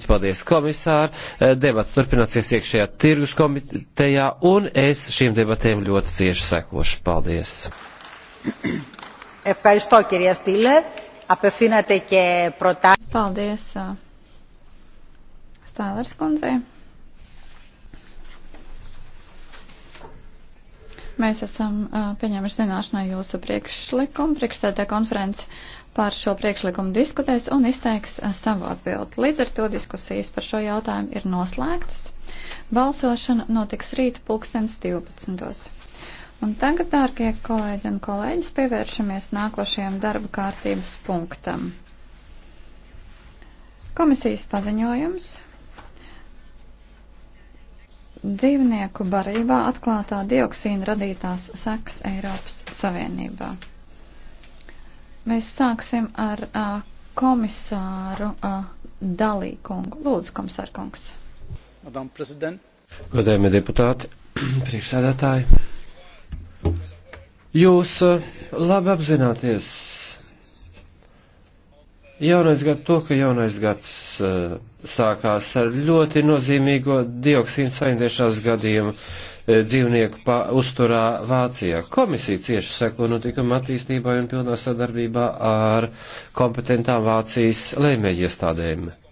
kolēģi, paldies komisāri. Eh, debats turpināsies iekšējā tirgus komitejā, un es šīm debatēm ļoti cieši sekošu. Paldies! Ευχαριστώ κυρία Στήλε. Απευθύνατε και προτάσεις. Paldies. Stālers kundzei. Mēs esam uh, pieņēmuši zināšanai jūsu priekšlikumu. Priekšstādā konferences par šo priekšlikumu diskutēs un izteiks eh, savu atbildi. Līdz ar to diskusijas par šo jautājumu ir noslēgtas. Balsošana notiks rīt pulkstens 12. Un tagad, dārgie kolēģi un kolēģis, pievēršamies nākošajam darba kārtības punktam. Komisijas paziņojums. Dzīvnieku barībā atklātā dioksīna radītās sekas Eiropas Savienībā. Mēs sāksim ar uh, komisāru uh, Dalī kungu. Lūdzu, komisāra kungs. Madam prezident. Godējumie deputāti, priekšsēdētāji. Jūs uh, labi apzināties Jaunais gads, to, ka jaunais gads uh, sākās ar ļoti nozīmīgo dioksīnu saindēšanās gadījumu uh, dzīvnieku pa, uzturā Vācijā. Komisija cieši seko notikuma attīstībai un pilnā sadarbībā ar kompetentām Vācijas lēmējiestādēm. iestādēm.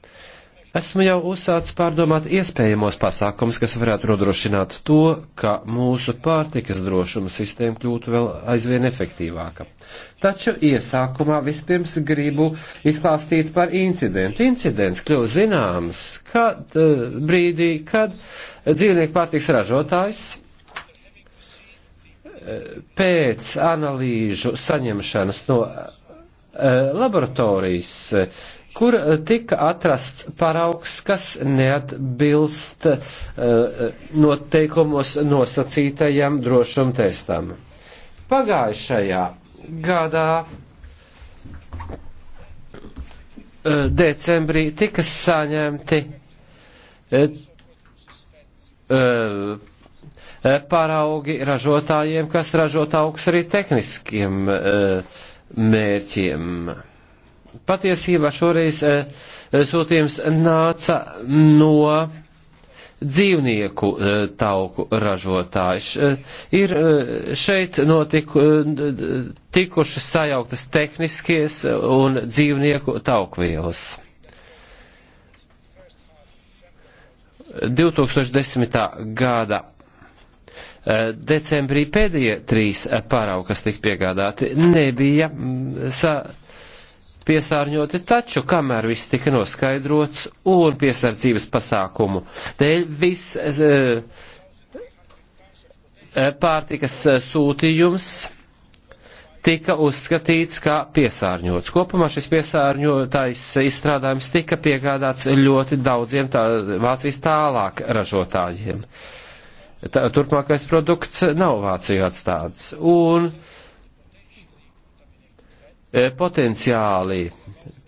Esmu jau uzsācis pārdomāt iespējamos pasākums, kas varētu nodrošināt to, ka mūsu pārtikas drošuma sistēma kļūtu vēl aizvien efektīvāka. Taču iesākumā vispirms gribu izklāstīt par incidentu. Incidents kļuva zināms, kad eh, brīdī, kad dzīvnieku pārtikas ražotājs eh, pēc analīžu saņemšanas no eh, laboratorijas kur eh, tika atrasts paraugs, kas neatbilst uh, noteikumos nosacītajam drošumtestam. Pagājušajā gadā decembrī tika saņemti paraugi ražotājiem, kas ražot augs arī tehniskiem mērķiem patiesībā šoreiz eh, eh, sūtījums nāca no dzīvnieku eh, tauku ražotājs. Ir šeit notiku, tikušas sajauktas tehniskies un dzīvnieku taukvielas. 2010. gada decembrī pēdējie trīs paraugi, kas tika piegādāti, nebija mm, sa, uh, piesārņoti, taču kamēr viss tika noskaidrots un piesardzības pasākumu dēļ viss e, pārtikas eh, sūtījums tika uzskatīts kā piesārņots. Kopumā šis piesārņotais izstrādājums tika piegādāts ļoti daudziem tā, Vācijas tālāk ražotājiem. Tā, turpmākais produkts nav Vācijā atstāts. Un, uh, Eh, potenciāli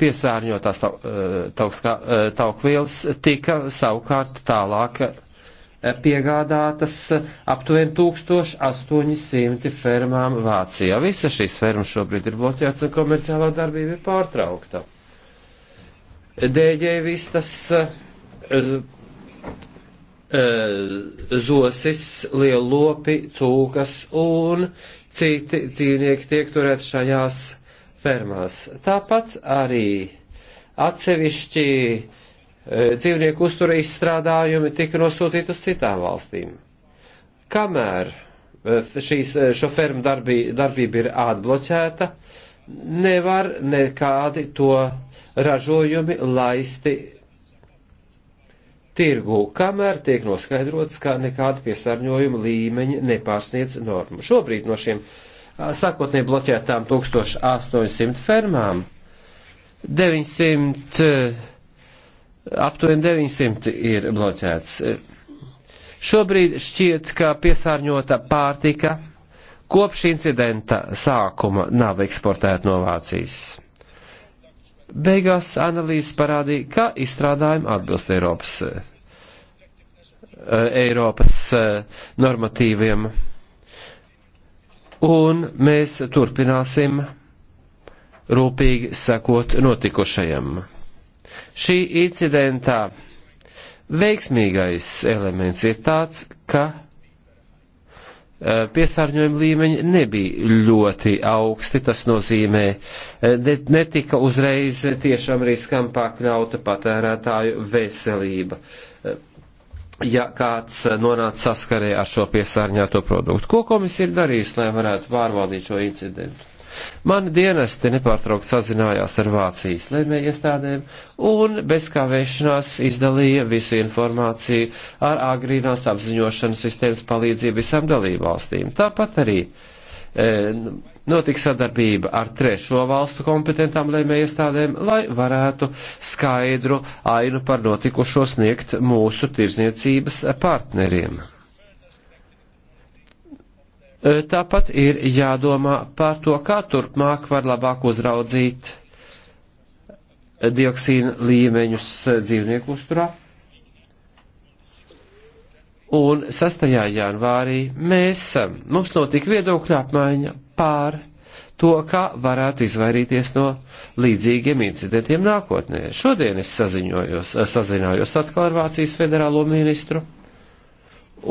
piesārņotās eh, eh, taukvielas tika savukārt tālāk piegādātas aptuveni 1800 fermām Vācijā. Visa šīs fermas šobrīd ir bloķētas un komerciālā darbība ir pārtraukta. Dēļ viss tas zosis, lielopi, cūkas un citi dzīvnieki tiek turēt šajās fermās. Tāpat arī atsevišķi e, dzīvnieku uztura izstrādājumi tika nosūtīti uz citām valstīm. Kamēr e, šīs, e, šo fermu darbī, darbība ir atbloķēta, nevar nekādi to ražojumi laisti tirgu, kamēr tiek noskaidrots, ka nekāda piesārņojuma līmeņa nepārsniedz normu. Šobrīd no šiem uh, sākotnēji bloķētām 1800 fermām, 900, aptuveni 900 ir bloķēts. Šobrīd šķiet, ka piesārņota pārtika kopš incidenta sākuma nav eksportēta no Vācijas. Beigās analīzes parādīja, ka izstrādājumi atbilst Eiropas, Eiropas normatīviem un mēs turpināsim rūpīgi sekot notikušajam. Šī incidentā veiksmīgais elements ir tāds, ka e, piesārņojuma līmeņi nebija ļoti augsti. Tas nozīmē, e, netika uzreiz tiešām riskam pakļauta patērētāju veselība. E, ja kāds eh, nonāca saskarē ar šo piesārņēto produktu. Ko komisija ir darījusi, lai varētu pārvaldīt šo incidentu? Mani dienesti nepārtraukt sazinājās ar Vācijas lēmēju iestādēm un bez kavēšanās izdalīja visu informāciju ar agrīnās apziņošanas sistēmas palīdzību visām dalībvalstīm. Tāpat arī uh, E, notiks sadarbība ar trešo valstu kompetentām lēmējiestādēm, lai varētu skaidru ainu par notikušo sniegt mūsu tirzniecības partneriem. E, tāpat ir jādomā par to, kā turpmāk var labāk uzraudzīt dioksīna līmeņus dzīvnieku uzturā Un 6. janvārī mēs, um, mums notika viedokļa apmaiņa pār to, kā varētu izvairīties no līdzīgiem incidentiem nākotnē. Šodien es saziņojos, sazinājos atkal ar Vācijas federālo ministru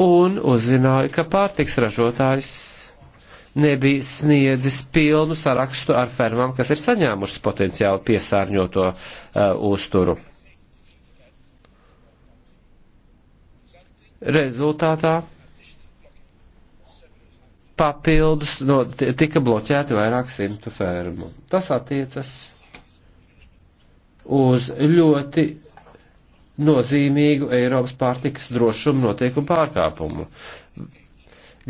un uzzināju, ka pārtiks ražotājs nebija sniedzis pilnu sarakstu ar fermām, kas ir saņēmušas potenciāli piesārņoto uh, uzturu. Rezultātā papildus no, tika bloķēti vairāk simtu fermu. Tas attiecas uz ļoti nozīmīgu Eiropas pārtikas drošumu notiekumu pārkāpumu.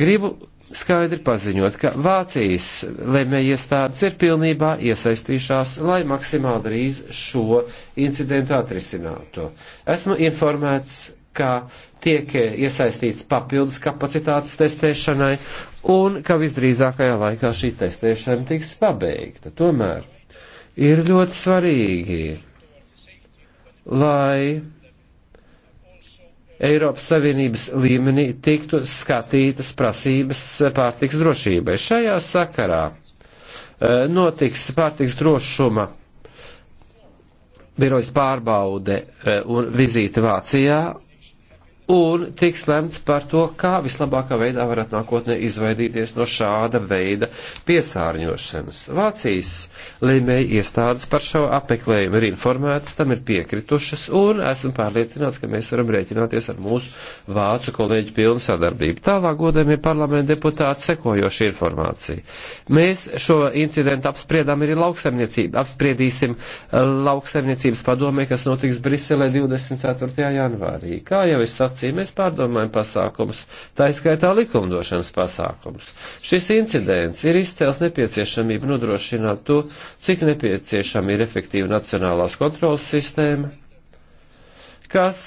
Gribu skaidri paziņot, ka Vācijas lemējiestādes ir pilnībā iesaistījušās, lai maksimāli drīz šo incidentu atrisinātu. Esmu informēts, ka tiek iesaistīts papildus kapacitātes testēšanai un ka visdrīzākajā laikā šī testēšana tiks pabeigta. Tomēr ir ļoti svarīgi, lai Eiropas Savienības līmenī tiktu skatītas prasības pārtiks drošībai. Šajā sakarā e, notiks pārtiks drošuma birojas pārbaude e, un vizīte Vācijā un tiks lemts par to, kā vislabākā veidā varat nākotnē izvaidīties no šāda veida piesārņošanas. Vācijas lēmēji iestādes par šo apmeklējumu ir informētas, tam ir piekritušas, un esmu pārliecināts, ka mēs varam rēķināties ar mūsu vācu kolēģu pilnu sadarbību. Tālāk, godējumie parlamenta deputāti, sekojoši informācija. Mēs šo incidentu apspriedām arī lauksaimniecību, apspriedīsim eh, lauksaimniecības padomē, kas notiks Briselē 24. janvārī. Kā jau es sacīju, situāciju. Mēs pārdomājam pasākums, tā izskaitā likumdošanas pasākums. Šis incidents ir izcēls nepieciešamību nodrošināt to, cik nepieciešama ir efektīva nacionālās kontrolas sistēma, kas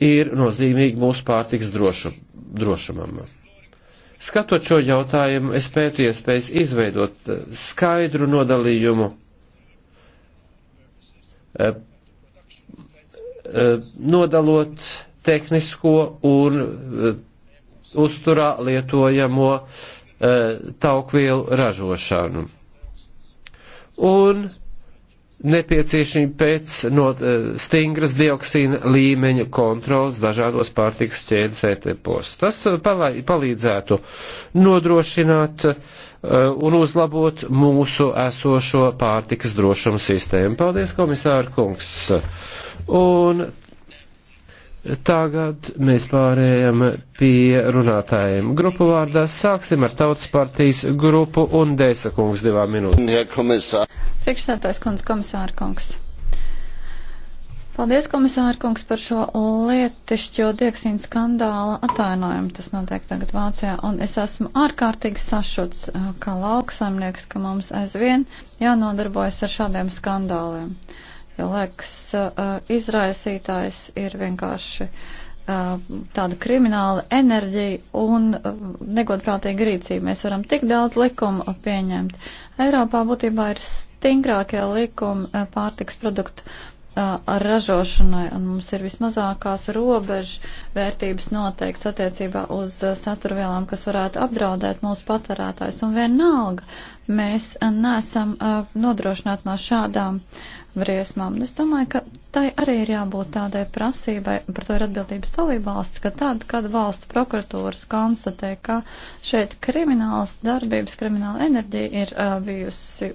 ir nozīmīgi mūsu pārtiks drošu, drošumam. Skatot šo jautājumu, es pētu iespējas izveidot skaidru nodalījumu eh, Eh, nodalot tehnisko un eh, uzturā lietojamo eh, taukvielu ražošanu. Un nepieciešamība pēc no, stingras dioksīna līmeņa kontrolas dažādos pārtiks ķēdes etapos. Tas palai, palīdzētu nodrošināt uh, un uzlabot mūsu esošo pārtiks drošumu sistēmu. Paldies, komisāra kungs! Un tagad mēs pārējām pie runātājiem. Grupu vārdā sāksim ar Tautas partijas grupu un Dēsa kungs divām minūtēm. Priekšsētājs kundze komisāra kungs. Paldies, komisāra kungs, par šo lietišķo dioksīnu skandāla atainojumu. Tas notiek tagad Vācijā, un es esmu ārkārtīgi sašuts, eh, kā lauksaimnieks, ka mums aizvien jānodarbojas ar šādiem skandāliem. Uh, jo laiks izraisītājs ir vienkārši tāda krimināla enerģija un negodprātīga rīcība. Mēs varam tik daudz likumu pieņemt. Eiropā būtībā ir stingrākie likumi pārtiks produktu ar ražošanai, un mums ir vismazākās robežu vērtības noteikts attiecībā uz saturvielām, kas varētu apdraudēt mūsu patērētājs. Un vienalga mēs nesam nodrošināti no šādām uh, briesmām. Es domāju, ka tai arī ir jābūt tādai prasībai, par to ir atbildības dalībvalsts, ka tad, kad valstu prokuratūras konstatē, ka šeit krimināls darbības, krimināla enerģija ir uh, bijusi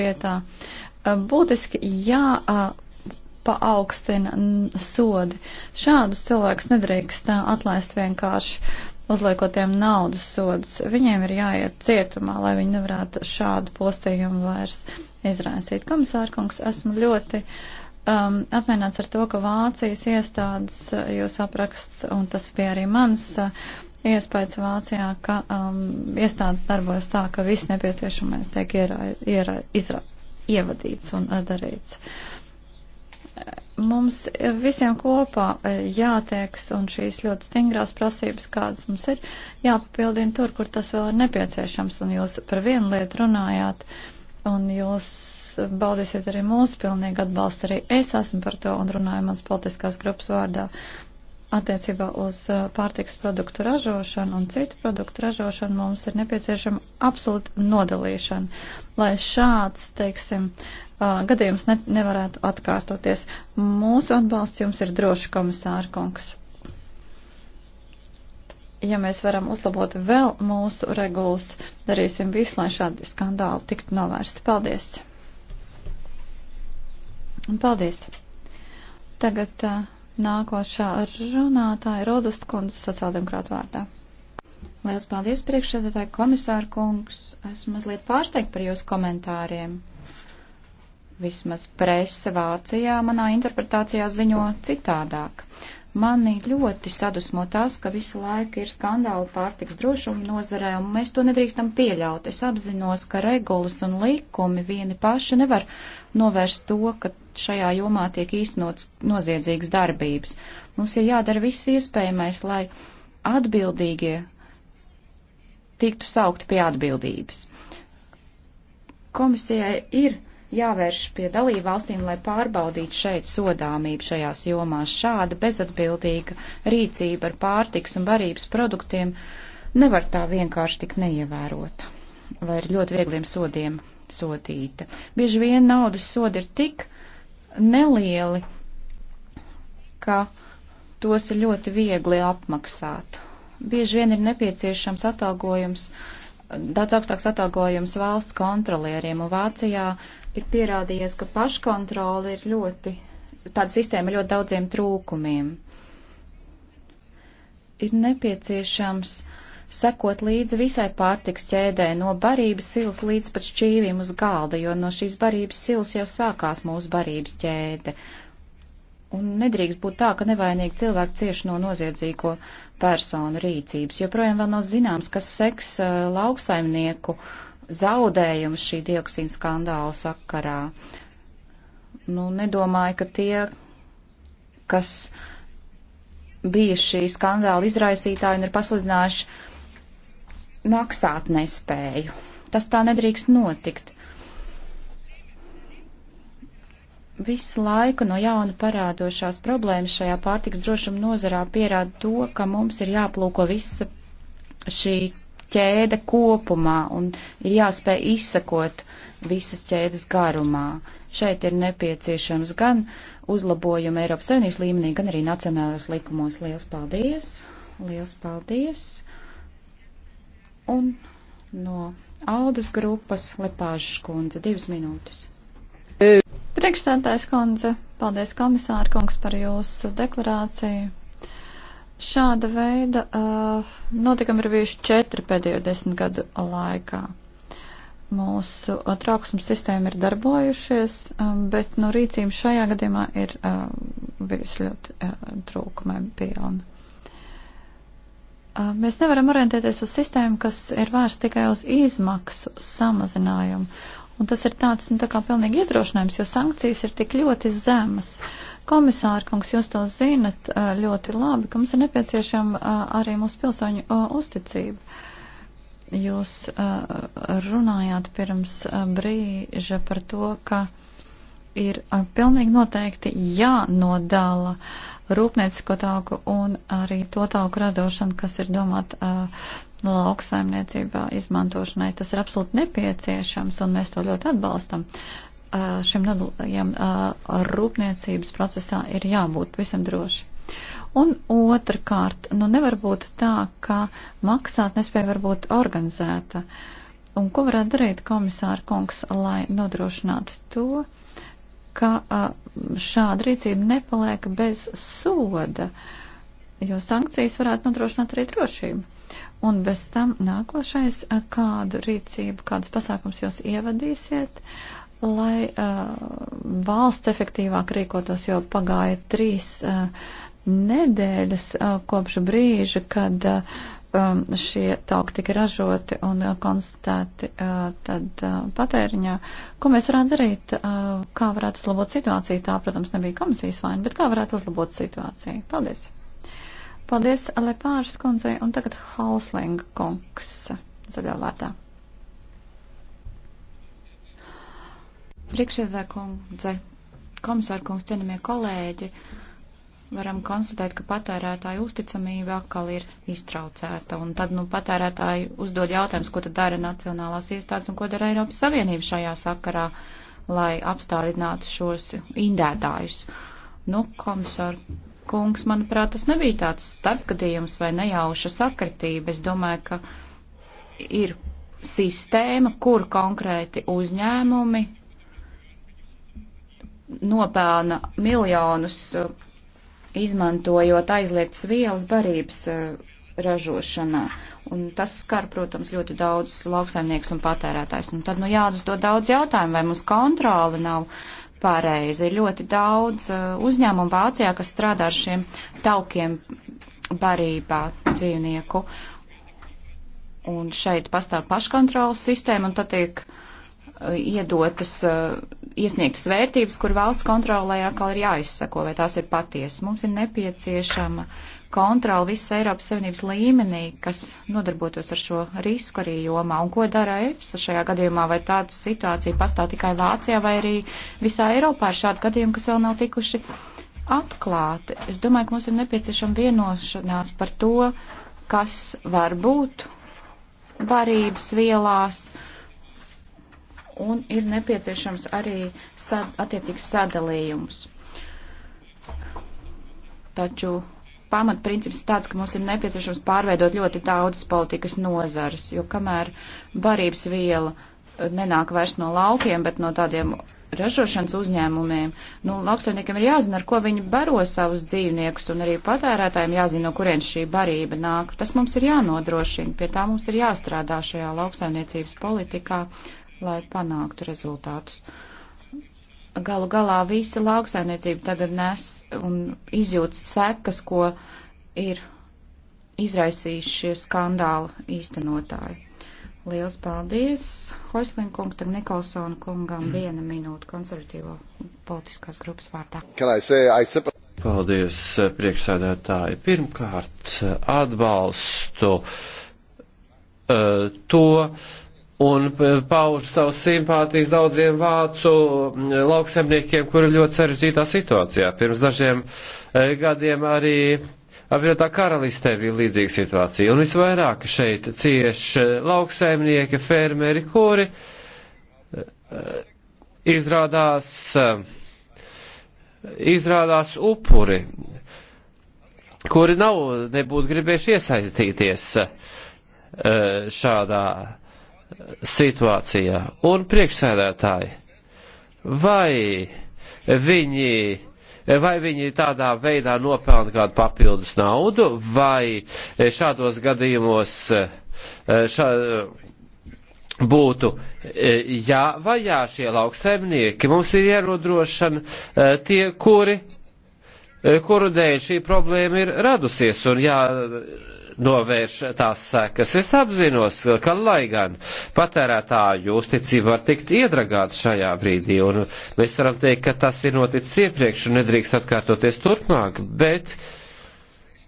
vietā, uh, būtiski jā. Uh, paaugstina sodi. Šādus cilvēkus nedrīkst atlaist vienkārši uzliekotiem naudas sodas, viņiem ir jāiet cietumā, lai viņi nevarētu šādu postījumu vairs izraisīt. Komisārkungs, esmu ļoti um, apmienāts ar to, ka Vācijas iestādes uh, jūs aprakst, un tas bija arī mans uh, iespējas Vācijā, ka um, iestādes darbojas tā, ka viss nepieciešamais tiek iera, iera, izra, ievadīts un uh, darīts. Uh, mums visiem kopā e, jātieks un šīs ļoti stingrās prasības, kādas mums ir, jāpapildina tur, kur tas vēl ir nepieciešams. Un jūs par vienu lietu runājāt, un jūs baudīsiet arī mūsu pilnīgu atbalstu. Arī es esmu par to un runāju mans politiskās grupas vārdā. Uh, attiecībā uz uh, pārtiks produktu ražošanu un citu produktu ražošanu mums ir nepieciešama absolūta nodalīšana, lai šāds, teiksim, uh, gadījums ne, nevarētu atkārtoties. Mūsu atbalsts jums ir droši, komisāra kungs. Ja mēs varam uzlabot vēl mūsu regulas, darīsim visu, lai šādi skandāli tiktu novērsti. Paldies! Paldies! Tagad uh, Nākošā runātāja Rodost kundze sociāldemokrāta vārdā. Liels paldies, priekšsēdētāji komisāra kungs. Esmu mazliet pārsteigta par jūsu komentāriem. Vismaz presa Vācijā manā interpretācijā ziņo citādāk. Uh, Mani ļoti sadusmo tas, ka visu laiku ir skandāli pārtiks drošuma nozarē, un mēs to nedrīkstam pieļaut. Es apzinos, ka regulas un likumi vieni paši nevar novērst to, ka šajā jomā tiek īstenots noziedzīgas darbības. Mums ir jādara viss iespējamais, lai atbildīgie tiktu saukti pie atbildības. Komisijai ir jāvērš pie dalību valstīm, lai pārbaudītu šeit sodāmību šajās jomās. Šāda bezatbildīga rīcība ar pārtiks un barības produktiem nevar tā vienkārši tik neievērota vai ar ļoti viegliem sodiem sodīta. Bieži vien naudas sodi ir tik nelieli, ka tos ir ļoti viegli apmaksāt. Bieži vien ir nepieciešams atalgojums, daudz augstāks atalgojums valsts kontrolieriem, un Vācijā ir pierādījies, ka paškontrola ir ļoti, tāda sistēma ir ļoti daudziem trūkumiem. Ir nepieciešams sekot līdzi visai pārtiks ķēdē, no barības silas līdz pat šķīvim uz galda, jo no šīs barības silas jau sākās mūsu barības ķēde. Un nedrīkst būt tā, ka nevainīgi cilvēki cieši no noziedzīgo personu rīcības. Joprojām vēl nav zināms, kas seks uh, lauksaimnieku uh, zaudējumus šī dioksīna skandāla sakarā. Nu, nedomāju, ka tie, kas bija šī skandāla izraisītāji un ir pasludinājuši maksāt nespēju. Tas tā nedrīkst notikt. Visu laiku no jauna parādošās problēmas šajā pārtiks drošuma nozarā pierāda to, ka mums ir jāplūko visa šī ķēde kopumā un ir jāspēj izsekot visas ķēdes garumā. Šeit ir nepieciešams gan uzlabojumi Eiropas Savienības līmenī, gan arī nacionālajos likumos. Liels paldies! Liels paldies! Un no Aldas grupas Lepāžas kundze divas minūtes. Priekšstādājs kundze, paldies komisāra kungs par jūsu deklarāciju. Šāda veida uh, notikumi ir bijuši četri pēdējo desmit gadu laikā. Mūsu uh, trauksmes sistēma ir darbojušies, um, bet no nu, rīcība šajā gadījumā ir uh, bijusi ļoti uh, trūkumai pilna. Uh, mēs nevaram orientēties uz sistēmu, kas ir vērsta tikai uz izmaksu samazinājumu. Un tas ir tāds, nu, tā kā pilnīgi iedrošinājums, jo sankcijas ir tik ļoti zemas. Uh, Komisāra kungs, jūs to zinat ļoti labi, ka mums ir nepieciešama arī mūsu pilsoņu uzticība. Jūs runājāt pirms brīža par to, ka ir pilnīgi noteikti jānodala rūpniecisko tauku un arī to tauku radošanu, kas ir domāt lauksaimniecībā izmantošanai. Tas ir absolūti nepieciešams un mēs to ļoti atbalstam šim nedalījām rūpniecības procesā ir jābūt pavisam droši. Un otrkārt, nu nevar būt tā, ka maksāt nespēja varbūt organizēta. Un ko varētu darīt komisāra kungs, lai nodrošinātu to, ka šāda rīcība nepaliek bez soda, jo sankcijas varētu nodrošināt arī drošību. Un bez tam nākošais, kādu rīcību, kādus pasākums jūs ievadīsiet, lai uh, valsts efektīvāk rīkotos, jo pagāja trīs uh, nedēļas uh, kopš brīža, kad uh, um, šie tauki tika ražoti un uh, konstatēti uh, tad uh, patēriņā. Ko mēs varētu darīt? Kā varētu uzlabot situāciju? Tā, protams, nebija komisijas vaina, bet kā varētu uzlabot situāciju? Paldies! Paldies Lepāžas kundzei un tagad Hauslinga kungs zaļā vārdā. Priekšsēdā kundze, komisāra kungs, cienamie kolēģi, varam konstatēt, ka patērētāju uzticamība atkal ir iztraucēta. Un tad, nu, patērētāji uzdod jautājums, ko tad dara nacionālās iestādes un ko dara Eiropas Savienība šajā sakarā, lai apstādinātu šos indētājus. Nu, komisāra kungs, manuprāt, tas nebija tāds starpgadījums vai nejauša sakritība. Es domāju, ka ir sistēma, kur konkrēti uzņēmumi nopelna miljonus, eh, izmantojot aizliegtas vielas barības eh, ražošanā. Un tas skar, protams, ļoti daudz lauksaimnieks un patērētājs. Un tad, nu, jāuzdod daudz jautājumu, vai mums kontroli nav pareizi. Ir ļoti daudz eh, uzņēmumu Vācijā, kas strādā ar šiem taukiem barībā dzīvnieku. Un šeit pastāv paškontrolas sistēma, un tad tiek uh, iedotas, eh, iesniegtas vērtības, kur valsts kontrolē atkal ir jāizsako, vai tās ir patiesas. Mums ir nepieciešama kontrola visas Eiropas Savienības līmenī, kas nodarbotos ar šo risku arī jomā. Un ko dara EFSA šajā gadījumā? Vai tāda situācija pastāv tikai Vācijā vai arī visā Eiropā ir šādi gadījumi, kas vēl nav tikuši atklāti? Es domāju, ka mums ir nepieciešama vienošanās par to, kas var būt varības vielās un ir nepieciešams arī sad, attiecīgs sadalījums. Taču pamatprincips tāds, ka mums ir nepieciešams pārveidot ļoti daudzas politikas nozares, jo kamēr barības viela eh, nenāk vairs no laukiem, bet no tādiem ražošanas uzņēmumiem, nu, lauksaimniekiem ir jāzina, ar ko viņi baro savus dzīvniekus, un arī patērētājiem jāzina, no kurienes šī barība nāk. Tas mums ir jānodrošina, pie tā mums ir jāstrādā šajā lauksaimniecības politikā, lai panāktu rezultātus. Galu galā visa lauksainiecība tagad nes un izjūtas sekas, ko ir izraisījuši šie skandāli īstenotāji. Liels paldies! Hoisling kungs, tad Nikolsona kungam viena minūte konservatīvo politiskās grupas vārdā. Paldies, priekšsēdētāji. Pirmkārt, atbalstu uh, to un pauž savus simpātijas daudziem vācu lauksemniekiem, kuri ļoti sarežģītā situācijā. Pirms dažiem e, gadiem arī apvienotā karalistē bija līdzīga situācija. Un visvairāk šeit cieš e, lauksaimnieki, fermeri, kuri e, izrādās, izrādās upuri, kuri nav nebūtu gribējuši iesaistīties šādā situācijā. Un priekšsēdētāji, vai viņi, vai viņi tādā veidā nopelna kādu papildus naudu, vai šādos gadījumos eh, šā, būtu jāvajā eh, šie lauksaimnieki. Mums ir jārodrošana eh, tie, kuri, kuru dēļ šī problēma ir radusies un jā novērš tās sekas. Es apzinos, ka lai gan patērētāju uzticība var tikt iedragāta šajā brīdī, un mēs varam teikt, ka tas ir noticis iepriekš un nedrīkst atkārtoties turpmāk, bet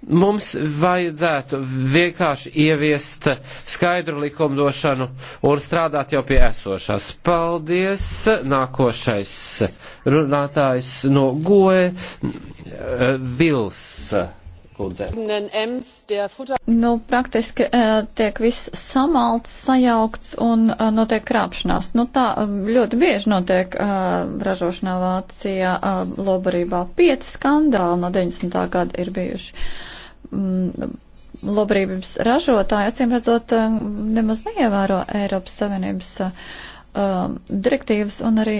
mums vajadzētu vienkārši ieviest skaidru likumdošanu un strādāt jau pie esošās. Paldies! Nākošais runātājs no Goe Vils. Lūdzu. Nu, praktiski eh, tiek viss samalts, sajaukts un eh, notiek krāpšanās. Nu, tā eh, ļoti bieži notiek ražošanā Vācijā, lobarībā. Pieci skandāli no 90. gada ir bijuši. Mm, Lobrības ražotāji, acīm redzot, nemaz neievēro Eiropas Savienības direktīvas un arī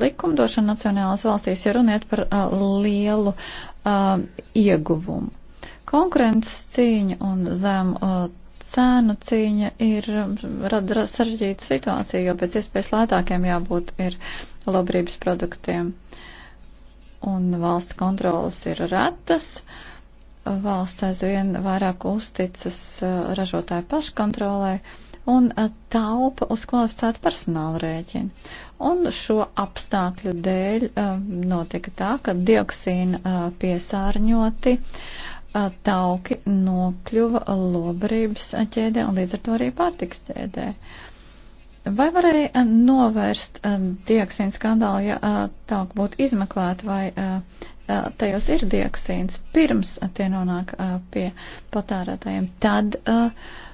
likumdošana nacionālās valstīs, ja runiet par lielu um, ieguvumu. Konkurences cīņa un zemu uh, cēnu cīņa ir um, rada sarežģīta situācija, jo pēc iespējas lētākiem jābūt ir labrības produktiem. Un valsts kontrolas ir retas, valsts aizvien vairāk uzticas uh, ražotāju paškontrolē. Uh, un eh, taupa uz kvalificētu personālu rēķinu. Un šo apstākļu dēļ eh, notika tā, ka dioksīna eh, piesārņoti tauki nokļuva lobarības ķēdē un līdz ar to arī pārtiks ķēdē. Vai varēja novērst dioksīnu skandālu, ja tauki būtu izmeklēti vai tajos ir dioksīns pirms tie nonāk pie patērētājiem? Tad uh,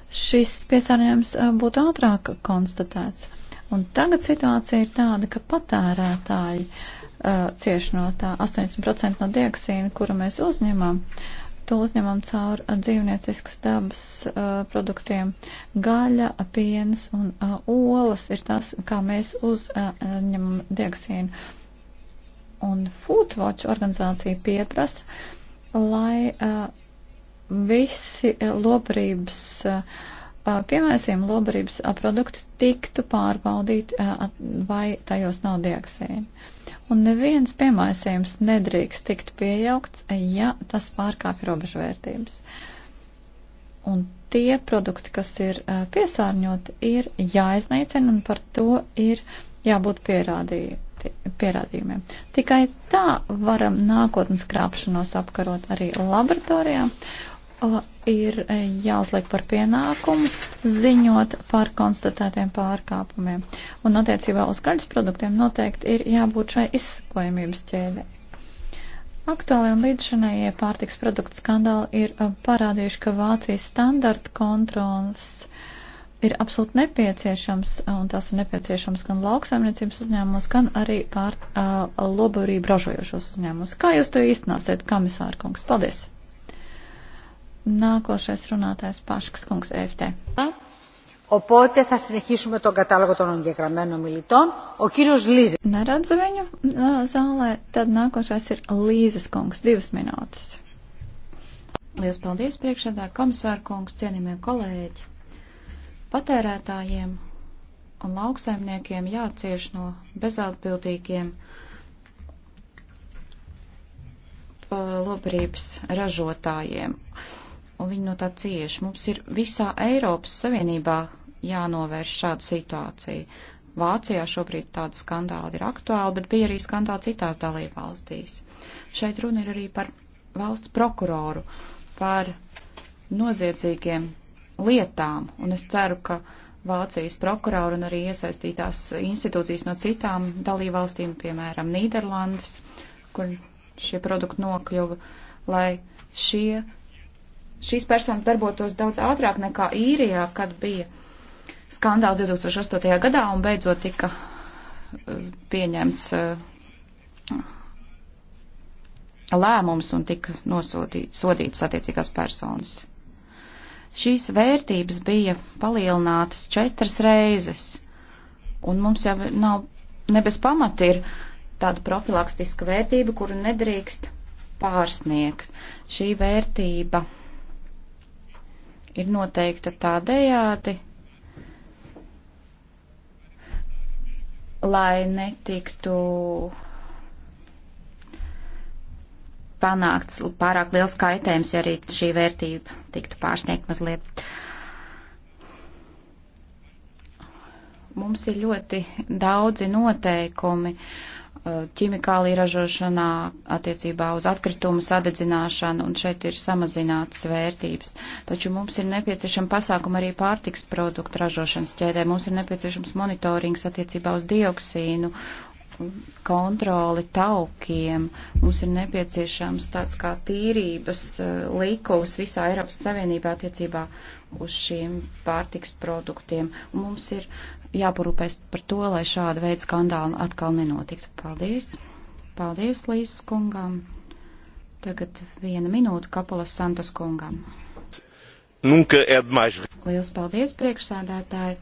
šis piesārņojums būtu ātrāk konstatēts. Un tagad situācija ir tāda, ka patērētāji uh, cieš no tā 80% no dioksīna, kuru mēs uzņemam. To uzņemam caur dzīvnieciskas dabas uh, produktiem. Gaļa, piens un uh, olas ir tas, kā mēs uzņemam uh, dioksīnu. Un Foodwatch organizācija pieprasa, lai uh, visi eh, lobarības eh, eh, piemērsiem, lobarības produkti tiktu pārbaudīti, vai tajos nav dioksīni. Un neviens piemērsējums nedrīkst tikt piejaukts, ja tas pārkāpj robežvērtības. Un tie produkti, kas ir piesārņoti, ir jāiznīcina un par to ir jābūt pierādījumi pierādījumiem. Tikai tā varam nākotnes krāpšanos apkarot arī laboratorijā ir e, jāuzliek par pienākumu ziņot par konstatētiem pārkāpumiem. Un attiecībā uz gaļas produktiem noteikti ir jābūt šai izsakojamības ķēdē. Aktuālie un līdzšanējie pārtiks produktu skandāli ir e, parādījuši, ka Vācijas standarta kontrols ir absolūti nepieciešams, e, un tās ir nepieciešams gan lauksaimniecības uzņēmumos, gan arī pār uh, lobarību ražojošos uzņēmumos. Kā jūs to īstenāsiet, komisārkungs? Paldies! Nākošais runātājs Paškas kungs EFT. Οπότε θα συνεχίσουμε τον κατάλογο των εγγεγραμμένων μιλητών. Ο κύριος Λίζης. Neredzu viņu zālē, tad nākošais ir Līzes kungs, divas minūtes. Lielas paldies priekšādā komisāra kungs, cienījamie kolēģi. Patērētājiem un lauksaimniekiem jācieš no bezatbildīgiem lobrības ražotājiem un viņi no tā cieš. Mums ir visā Eiropas Savienībā jānovērš šāda situācija. Vācijā šobrīd tāda skandāla ir aktuāla, bet bija arī skandāli citās dalībvalstīs. Šeit runa ir arī par valsts prokuroru, par noziedzīgiem lietām, un es ceru, ka Vācijas prokurori un arī iesaistītās institūcijas no citām dalībvalstīm, piemēram, Nīderlandes, kur šie produkti nokļuva, lai šie šīs personas darbotos daudz ātrāk nekā īrijā, kad bija skandāls 2008. gadā un beidzot tika eh, pieņemts eh, lēmums un tika nosodīts attiecīgās personas. Šīs vērtības bija palielinātas četras reizes, un mums jau nav, ne bez pamata ir tāda profilakstiska vērtība, kuru nedrīkst pārsniegt. Šī vērtība ir noteikta tādējādi, lai netiktu panākts pārāk liels kaitējums, ja arī šī vērtība tiktu pārsniegt mazliet. Mums ir ļoti daudzi noteikumi. Uh, ķimikālija ražošanā, attiecībā uz atkritumu sadedzināšanu, un šeit ir samazinātas vērtības. Taču mums ir nepieciešama pasākuma arī pārtiks produktu ražošanas ķēdē. Mums ir nepieciešams monitorings attiecībā uz dioksīnu, kontroli taukiem. Mums ir nepieciešams tāds kā tīrības eh, likums visā Eiropas Savienībā attiecībā uz šiem pārtiks produktiem. Un mums ir uh, jāparūpēs par to, lai šāda veida skandāli atkal nenotiktu. Paldies! Paldies Līsas kungām! Tagad viena minūte Kapulas Santos kungām. Nunca é demais. Liels paldies, priekšsādātāji!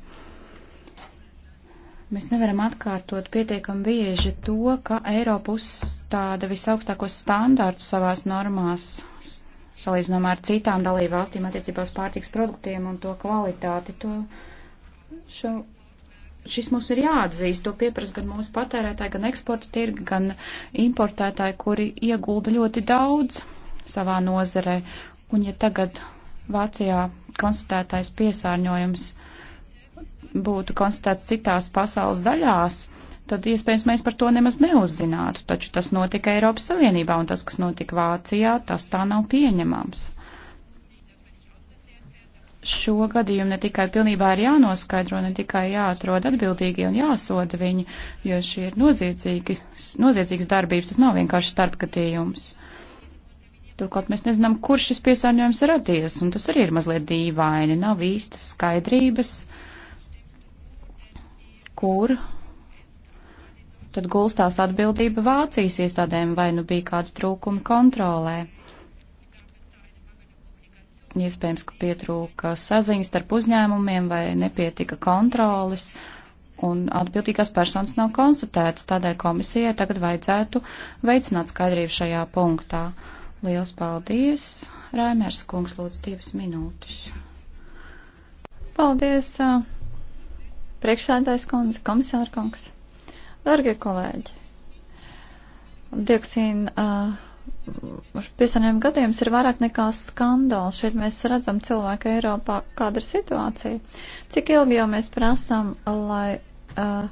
Mēs nevaram atkārtot pietiekami bieži to, ka Eiropa uzstāda visaugstākos standārtus savās normās, salīdzinām ar citām dalību valstīm attiecībā uz pārtiks produktiem un to kvalitāti. To šo šis mums ir jāatzīst, to pieprasa gan mūsu patērētāji, gan eksporta tirgi, gan importētāji, kuri iegulda ļoti daudz savā nozarē. Un ja tagad Vācijā konstatētais piesārņojums būtu konstatēts citās pasaules daļās, tad iespējams mēs par to nemaz neuzzinātu. Taču tas notika Eiropas Savienībā, un tas, kas notika Vācijā, tas tā nav pieņemams šo gadījumu ne tikai pilnībā ir jānoskaidro, ne tikai jāatrod atbildīgie un jāsoda viņi, jo šī ir noziedzīgi, noziedzīgas darbības, tas nav vienkārši starpgatījums. Turklāt mēs nezinām, kur šis piesārņojums radies, un tas arī ir mazliet dīvaini, nav īstas skaidrības, kur tad gulstās atbildība Vācijas iestādēm, vai nu bija kāda trūkuma kontrolē. Iespējams, ka pietrūka saziņas starp uzņēmumiem vai nepietika kontrolis un atbildīgās personas nav konstatētas. Tādēļ komisijai tagad vajadzētu veicināt skaidrību šajā punktā. Liels paldies! Raimers kungs lūdzu divas minūtes. Paldies, priekšsēdājs kundze, komisāra kungs. Dargie kolēģi, dioksīna. Uh, piesaņēmuma gadījums ir vairāk nekā skandāls. Šeit mēs redzam cilvēku Eiropā, kāda ir situācija. Cik ilgi jau mēs prasam, lai uh,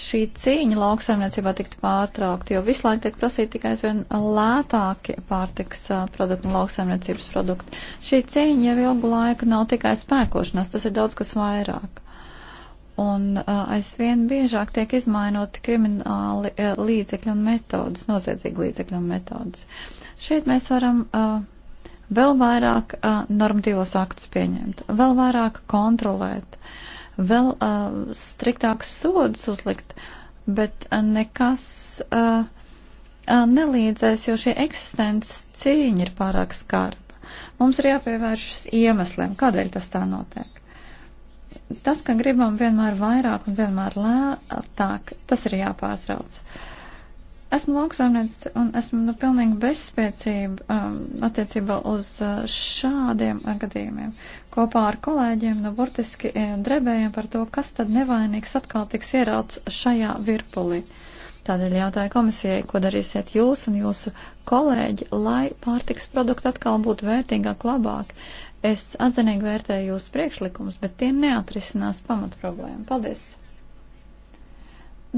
šī cīņa lauksaimniecībā tiktu pārtraukta, jo visu laiku tiek prasīti tikai aizvien lētākie pārtiks uh, produkti un lauksaimniecības produkti. Šī cīņa jau ilgu laiku nav tikai spēkošanās, tas ir daudz kas vairāk un aizvien biežāk tiek izmainoti krimināli līdzekļi un metodas, noziedzīgi līdzekļi un metodas. Šeit mēs varam vēl vairāk normatīvos aktus pieņemt, vēl vairāk kontrolēt, vēl striktākus sodus uzlikt, bet nekas nelīdzēs, jo šie eksistences cīņa ir pārāk skarba. Mums ir jāpievēršas iemesliem, kādēļ tas tā notiek tas, ka gribam vienmēr vairāk un vienmēr lētāk, tas ir jāpārtrauc. Esmu lauksaimnieks un esmu nu pilnīgi bezspēcība um, attiecībā uz uh, šādiem gadījumiem. Kopā ar kolēģiem nu burtiski eh, drebējam par to, kas tad nevainīgs atkal tiks ierauts šajā virpulī. Tādēļ jautāju komisijai, ko darīsiet jūs un jūsu kolēģi, lai pārtiks produkti atkal būtu vērtīgāk, labāk. Uh, Es atzinīgi vērtēju jūsu priekšlikumus, bet tie neatrisinās pamat problēmu. Paldies!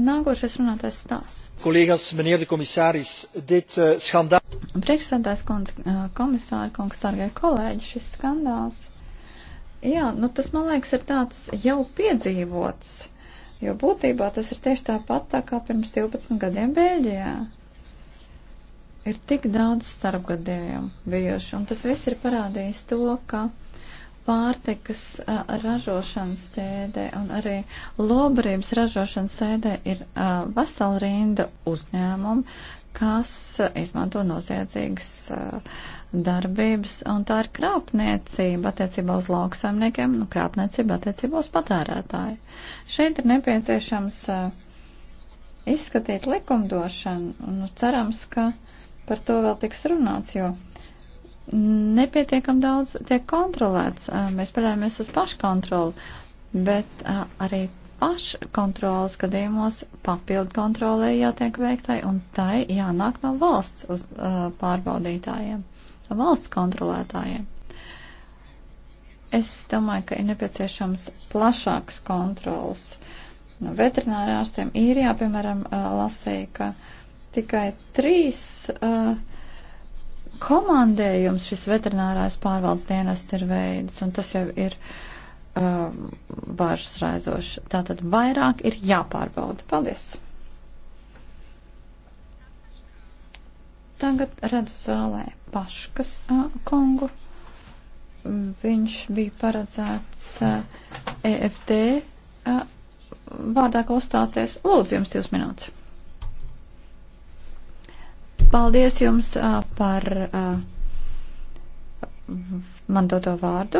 Nākošais runātais stāsts. Kolēģis, meneer de komisāris, dit uh, eh, skandāls. Priekšsēdājs eh, komisāri, kungs, tārgai kolēģi, šis skandāls. Jā, nu tas, man liekas, ir tāds jau piedzīvots, jo būtībā tas ir tieši tāpat tā kā pirms 12 gadiem Bēļģijā. Uh, Ir tik daudz starpgadījumu bijuši, un tas viss ir parādījis to, ka pārtikas ražošanas ķēdē un arī lobarības ražošanas sēdē ir vesela rinda uzņēmumu, kas izmanto noziedzīgas darbības, un tā ir krāpniecība attiecībā uz lauksaimniekiem, nu, krāpniecība attiecībā uz patērētāju. Šeit ir nepieciešams izskatīt likumdošanu, nu, cerams, ka uh, par to vēl tiks runāts, jo nepietiekam daudz tiek kontrolēts. Mēs paļāmies uz paškontroli, bet arī paškontrolas gadījumos papildu kontrolē jātiek veiktai un tai jānāk no valsts uz, pārbaudītājiem, no valsts kontrolētājiem. Es domāju, ka ir nepieciešams plašāks kontrols. Veterinārārstiem īrijā, piemēram, lasīja, ka uh, tikai trīs uh, komandējums šis veterinārās pārvaldes dienests ir veids, un tas jau ir uh, um, bāžas raizoši. Tātad vairāk ir jāpārbauda. Paldies! Tagad redzu zālē paškas uh, kongu. Viņš bija paredzēts uh, EFT uh, vārdā klausāties. Lūdzu, jums divas minūtes. Paldies jums par man doto vārdu.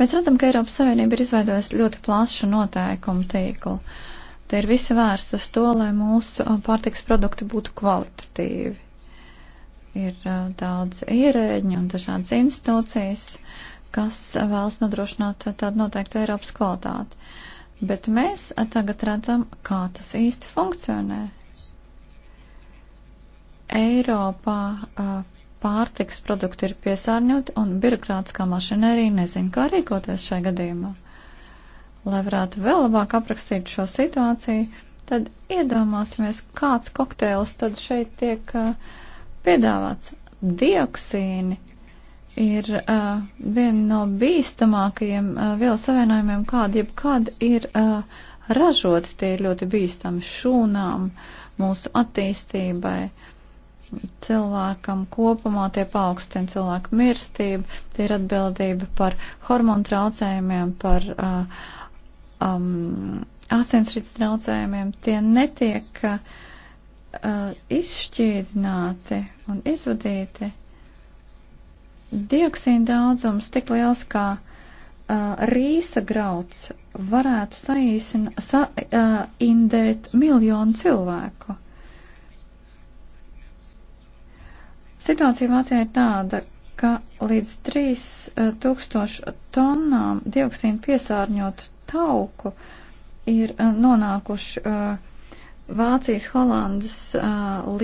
Mēs redzam, ka Eiropas Savienība ir izveidojusi ļoti plašu noteikumu tīklu. Te ir visi vērsts uz to, lai mūsu pārtiks produkti būtu kvalitatīvi. Ir daudz ierēģi un dažādas institūcijas, kas vēlas nodrošināt tādu noteiktu Eiropas kvalitāti. Bet mēs tagad redzam, kā tas īsti funkcionē. Eiropā pārtiks produkti ir piesārņoti un birokrātiskā mašinērija nezin, kā rīkoties šajā gadījumā. Lai varētu vēl labāk aprakstīt šo situāciju, tad iedomāsimies, kāds kokteils tad šeit tiek piedāvāts. Dioksīni ir uh, viena no bīstamākajiem uh, vielas savienojumiem, kāda jebkad ir uh, ražoti. Tie ir ļoti bīstami šūnām, mūsu attīstībai cilvēkam kopumā tie paaugstina cilvēku mirstību, tie ir atbildība par hormonu traucējumiem, par uh, um, asinsrites traucējumiem, tie netiek uh, izšķīdināti un izvadīti. Dioksīna daudzums tik liels, kā uh, rīsa grauds varētu saīsina, saindēt uh, miljonu cilvēku. Situācija Vācijā ir tāda, ka līdz 3000 eh, tonnām dioksīnu piesārņotu tauku ir eh, nonākuši eh, Vācijas, Holandas,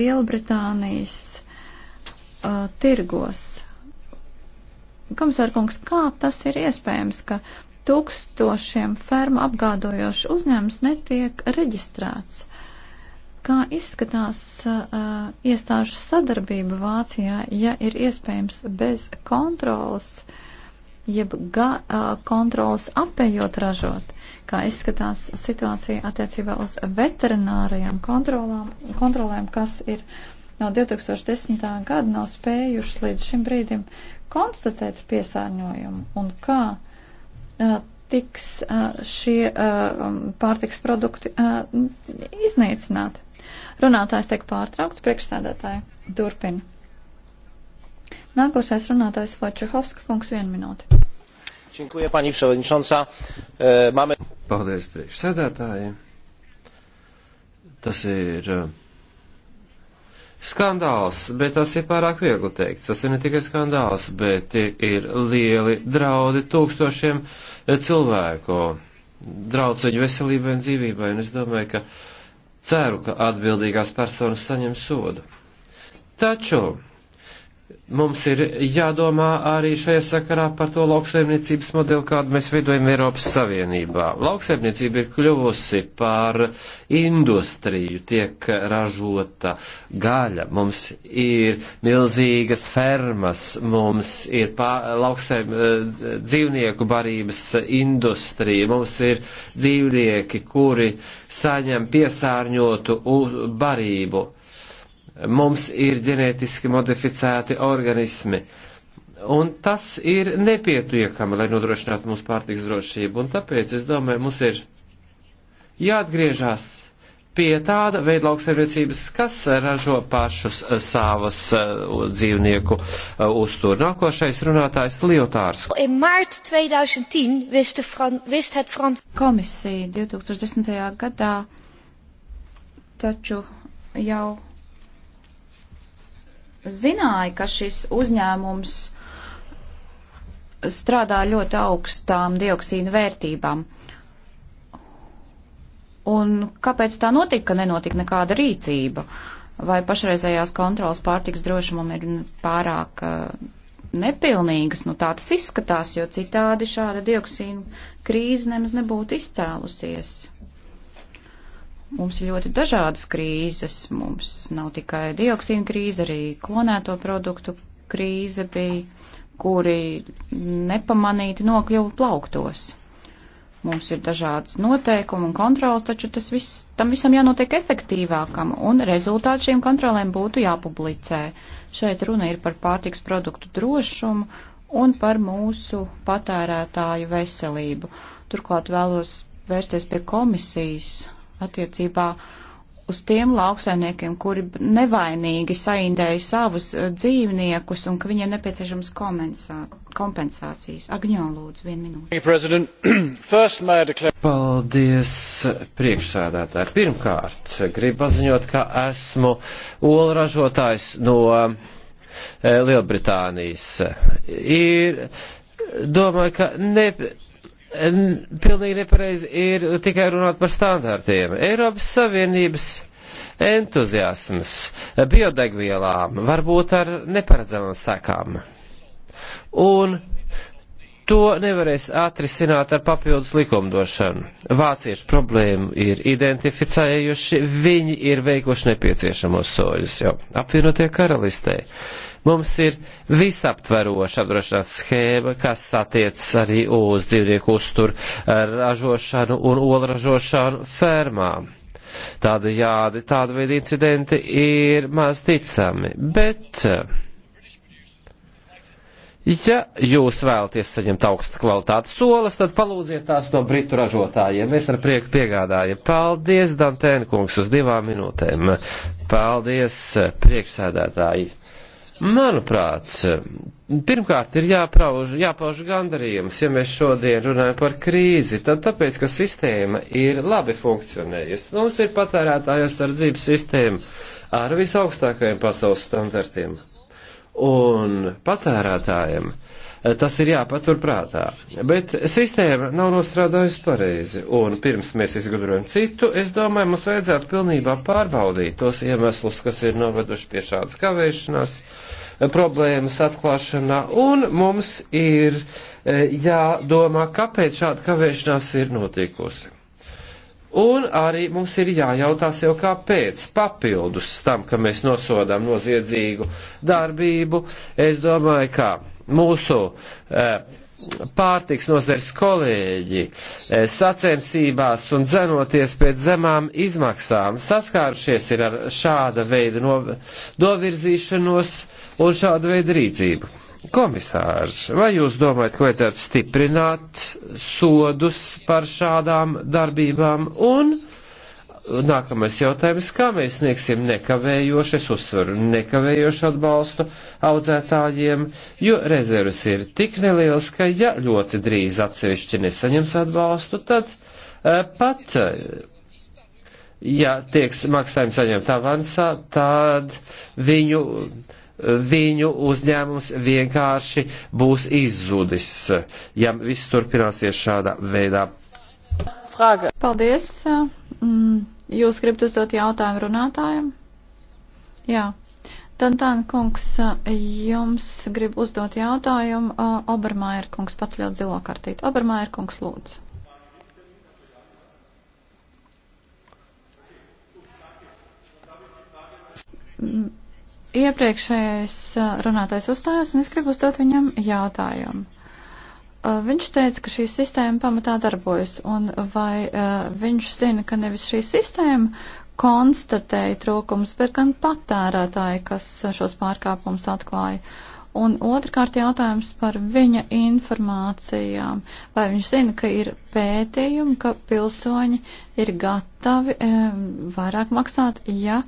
Lielbritānijas tirgos. Komisārkungs, kā tas ir iespējams, ka tūkstošiem fermu apgādojošu uzņēmums netiek reģistrēts? Kā izskatās uh, iestāžu sadarbība Vācijā, ja ir iespējams bez kontrolas, jeb ga, uh, kontrolas apējot ražot? Kā izskatās situācija attiecībā uz veterinārajām kontrolēm, kas ir no 2010. gada nav spējušas līdz šim brīdim konstatēt piesārņojumu un kā uh, tiks uh, šie uh, pārtiks produkti uh, iznīcināti. Runātājs tiek pārtraukts, priekšsēdētāji turpina. Nākošais runātājs Vojčehovska kungs vienu minūti. Dziękuję pani przewodnicząca. E, mamy... Paldies priekšsēdētāji. Tas ir e, skandāls, bet tas ir pārāk viegli teikt. Tas ir ne tikai skandāls, bet ir lieli draudi tūkstošiem e, cilvēku. Draudz viņu veselībai un dzīvībai. Un es domāju, ka Ceru, ka atbildīgās personas saņem sodu. Taču Mums ir jādomā arī šajā sakarā par to lauksaimniecības modeli, kādu mēs veidojam Eiropas Savienībā. Lauksaimniecība ir kļuvusi par industriju, tiek ražota gaļa, mums ir milzīgas fermas, mums ir lauksaim, eh, dzīvnieku barības industrija, mums ir dzīvnieki, kuri saņem piesārņotu barību mums ir ģenētiski modificēti organismi. Un tas ir nepietiekami, lai nodrošinātu mūsu pārtiks drošību. Un tāpēc, es domāju, mums ir jāatgriežās pie tāda veida lauksaimniecības, kas ražo pašus savas uh, dzīvnieku uh, uzturu. Nākošais runātājs Liotārs. Komisija 2010. gadā taču jau zināja, ka šis uzņēmums strādā ļoti augstām dioksīnu vērtībām. Un kāpēc tā notika, ka nenotika nekāda rīcība? Vai pašreizējās kontrolas pārtiks drošumam ir pārāk uh, nepilnīgas? Nu, tā tas izskatās, jo citādi šāda dioksīna krīze nemaz nebūtu izcēlusies. Mums ir ļoti dažādas krīzes. Mums nav tikai dioksīna krīze, arī klonēto produktu krīze bija, kuri nepamanīti nokļuva plauktos. Mums ir dažādas noteikumi un kontrols, taču tas viss, tam visam jānotiek efektīvākam, un rezultāti šīm kontrolēm būtu jāpublicē. Šeit runa ir par pārtiks produktu drošumu un par mūsu patērētāju veselību. Turklāt vēlos vērsties pie komisijas attiecībā uz tiem lauksainiekiem, kuri nevainīgi saindēja savus eh, dzīvniekus un ka viņiem nepieciešams komensā, kompensācijas. Agņo lūdzu, vienu minūti. Paldies, priekšsēdētāji. Pirmkārt, gribu paziņot, ka esmu olražotājs no eh, Lielbritānijas. Ir, domāju, ka ne Pilnīgi nepareizi ir tikai runāt par standartiem. Eiropas Savienības entuziasms biodegvielām var būt ar neparedzamām sekām. Un to nevarēs atrisināt ar papildus likumdošanu. Vācieši problēmu ir identificējuši, viņi ir veikuši nepieciešamos soļus jau apvienotie karalistē. Mums ir visaptveroša apdrošināšanas schēma, kas attiecas arī uz dzīvnieku uzturu eh, ražošanu un olražošanu fermām. Tādējādi tāda veida incidenti ir maz ticami, bet eh, Ja jūs vēlaties saņemt augstas kvalitātes solas, tad palūdziet tās no britu ražotājiem. Mēs ar prieku piegādājam. Paldies, Dantēna kungs, uz divām minūtēm. Paldies, priekšsēdētāji. Manuprāt, pirmkārt ir jāprauž, jāpauž gandarījums, ja mēs šodien runājam par krīzi, tad tāpēc, ka sistēma ir labi funkcionējusi. Mums ir patērētāja sardzības sistēma ar visaugstākajiem pasaules standartiem. Un patērētājiem uh, Tas ir jāpatur prātā. Bet sistēma nav nostrādājusi pareizi, un pirms mēs izgudrojam citu, es domāju, mums vajadzētu pilnībā pārbaudīt tos iemeslus, kas ir noveduši pie šādas kavēšanās eh, problēmas atklāšanā, un mums ir eh, jādomā, kāpēc šāda kavēšanās ir notikusi. Un arī mums ir jājautā sev, kāpēc papildus tam, ka mēs nosodām noziedzīgu darbību, es domāju, kā mūsu eh, pārtiks nozars kolēģi eh, sacensībās un dzenoties pēc zemām izmaksām saskārušies ir ar šāda veida novirzīšanos un šāda veida rīcību. Komisārs, vai jūs domājat, ka vajadzētu stiprināt sodus par šādām darbībām un nākamais jautājums, kā mēs sniegsim nekavējošu, es uzsveru nekavējošu atbalstu audzētājiem, jo rezervas ir tik nelielas, ka ja ļoti drīz atsevišķi nesaņems atbalstu, tad eh, pat, eh, ja tiek maksājums saņemt avansā, tad viņu viņu uzņēmums vienkārši būs izzudis, ja viss turpināsies šādā veidā. Frage. Paldies. Eh, mm. Jūs gribat uzdot jautājumu runātājiem? Jā. Tantāna kungs, eh, jums grib uzdot jautājumu. Eh, Obermaier kungs pats ļoti zilo kartīti. Obermaier kungs lūdzu. Mm, iepriekšējais eh, runātais uzstājās, un es gribu uzdot viņam jautājumu. Uh, viņš teica, ka šī sistēma pamatā darbojas, un vai uh, viņš zina, ka nevis šī sistēma konstatēja trūkums, bet gan patērētāji, kas šos pārkāpumus atklāja. Un otrkārt jautājums par viņa informācijām. Vai viņš zina, ka ir pētījumi, ka pilsoņi ir gatavi e, vairāk maksāt, ja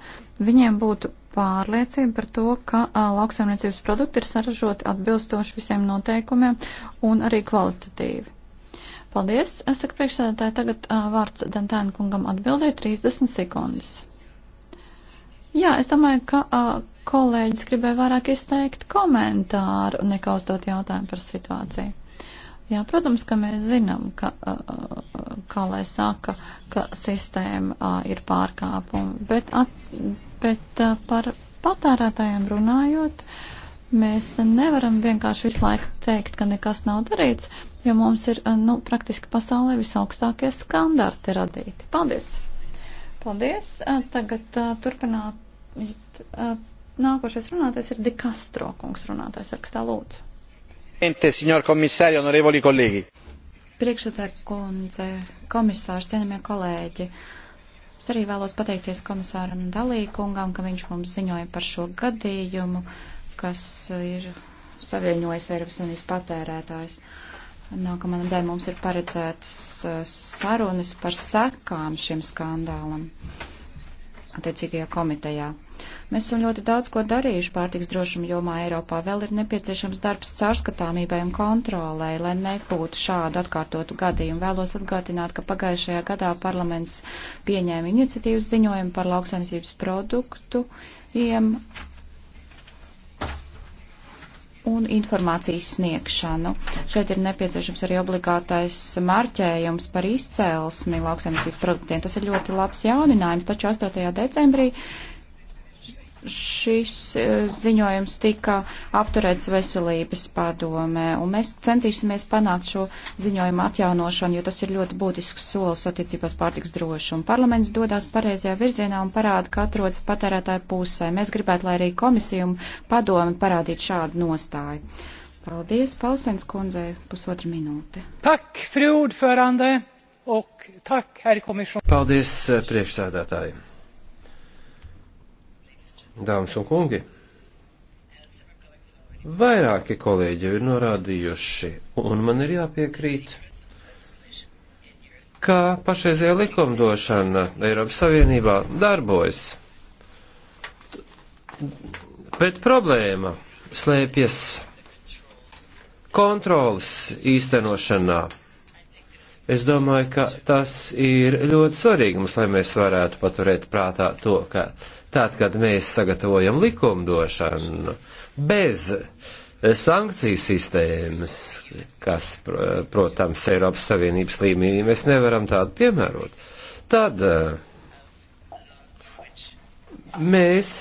viņiem būtu pārliecība par to, ka lauksaimniecības produkti ir saražoti atbilstoši visiem noteikumiem un arī kvalitatīvi. Paldies, es saku priekšsēdētāji, tagad a, vārds Dantēna kungam atbildēja 30 sekundes. Jā, es domāju, ka a, kolēģis gribēja vairāk izteikt komentāru nekā uzdot jautājumu par situāciju. Jā, protams, ka mēs zinām, ka, kā lai saka, ka sistēma ir pārkāpuma, bet, at, bet par patērētājiem runājot, mēs nevaram vienkārši visu laiku teikt, ka nekas nav darīts, jo mums ir, nu, praktiski pasaulē visaugstākie standarti radīti. Paldies! Paldies! Tagad turpināt. Nākošais runātais ir Dikastro kungs runātais ar Kstā Lūdzu. Presidente, signor komisāri, honorevoli kolēģi. Priekšsēdē kundze, komisārs, cienījamie kolēģi. Es arī vēlos pateikties komisāram Dalīkungam, ka viņš mums ziņoja par šo gadījumu, kas ir savieņojis Eiropas Savienības patērētājs. Nākamā nedēļa mums ir paredzētas uh, sarunas par sekām šim skandālam attiecīgajā komitejā. Mēs esam ļoti daudz ko darījuši pārtiks drošuma jomā Eiropā. Vēl ir nepieciešams darbs cārskatāmībai un kontrolē, lai nebūtu šādu atkārtotu gadījumu. Vēlos atgādināt, ka pagājušajā gadā parlaments pieņēma iniciatīvas ziņojumu par lauksainatības produktu. Un informācijas sniegšanu. Šeit ir nepieciešams arī obligātais marķējums par izcēlesmi lauksaimniecības produktiem. Tas ir ļoti labs jauninājums, taču 8. decembrī uh, Šis e, ziņojums tika apturēts veselības padomē, un mēs centīsimies panākt šo ziņojumu atjaunošanu, jo tas ir ļoti būtisks solis attiecībās pārtiks drošumu. Parlaments dodās pareizajā virzienā un parāda, ka atrodas patērētāju pusē. Mēs gribētu, lai arī komisija un padomi parādītu šādu nostāju. Paldies, Palsens kundzei, pusotra minūte. Tak, fru ordförande, ok, tak, herr komisjon. Paldies, priekšsēdētāji dāmas un kungi, vairāki kolēģi ir norādījuši, un man ir jāpiekrīt, ka pašreizējā likumdošana Eiropas Savienībā darbojas. Bet problēma slēpjas kontrolas īstenošanā. Es domāju, ka tas ir ļoti svarīgi mums, lai mēs varētu paturēt prātā to, ka tad, kad mēs sagatavojam likumdošanu bez eh, sankciju sistēmas, kas, protams, Eiropas Savienības līmenī mēs nevaram tādu piemērot, tad eh, mēs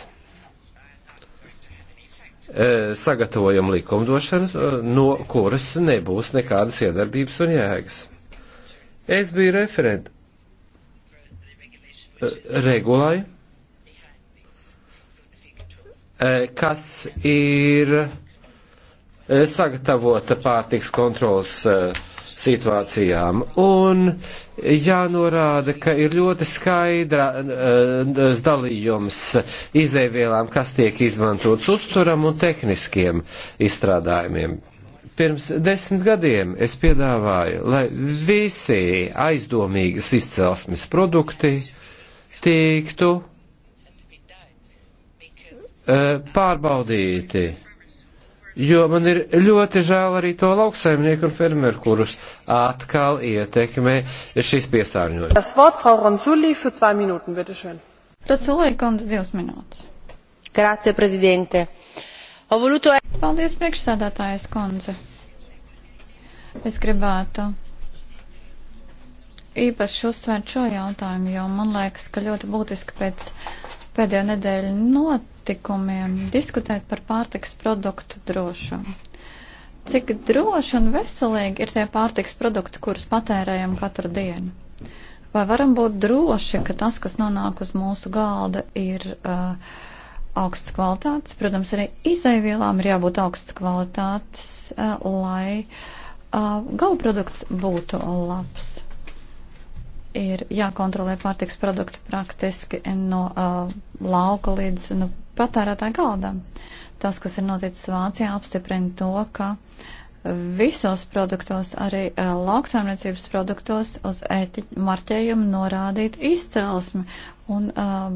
eh, sagatavojam likumdošanu, no kuras nebūs nekādas iedarbības un jēgas. Es biju referent regulai Eh, kas ir eh, sagatavota pārtiks kontrols eh, situācijām. Un jānorāda, ka ir ļoti skaidra dalījums izēvielām, kas tiek izmantots uzturam un tehniskiem izstrādājumiem pirms desmit gadiem es piedāvāju, lai visi aizdomīgas izcelsmes produkti tiktu E, pārbaudīti. Jo man ir ļoti žēl arī to lauksaimnieku un fermeru, kurus atkal ietekmē šis piesārņojums. Tas vārds Frau Ronzulli für 2 minūtes, bitte schön. Ronzulli, kundze, 2 minūtes. Grazie, prezidente. Voluto... Paldies, priekšsādātājas kundze. Es gribētu īpaši uzsvērt šo jautājumu, jo man liekas, ka ļoti būtiski pēc pēdējo nedēļu not notikumiem, diskutēt par pārtiks produktu drošumu. Cik droši un veselīgi ir tie pārtiks produkti, kurus patērējam katru dienu? Vai varam būt droši, ka tas, kas nonāk uz mūsu galda, ir uh, augstas kvalitātes? Protams, arī izaivielām ir jābūt augstas kvalitātes, uh, lai uh, galvprodukts būtu labs ir jākontrolē pārtiks produkti praktiski no uh, lauka līdz nu, patērētāju galdam. Tas, kas ir noticis Vācijā, apstiprina to, ka visos produktos, arī eh, lauksaimniecības produktos uz marķējumu norādīt izcelsmi un uh,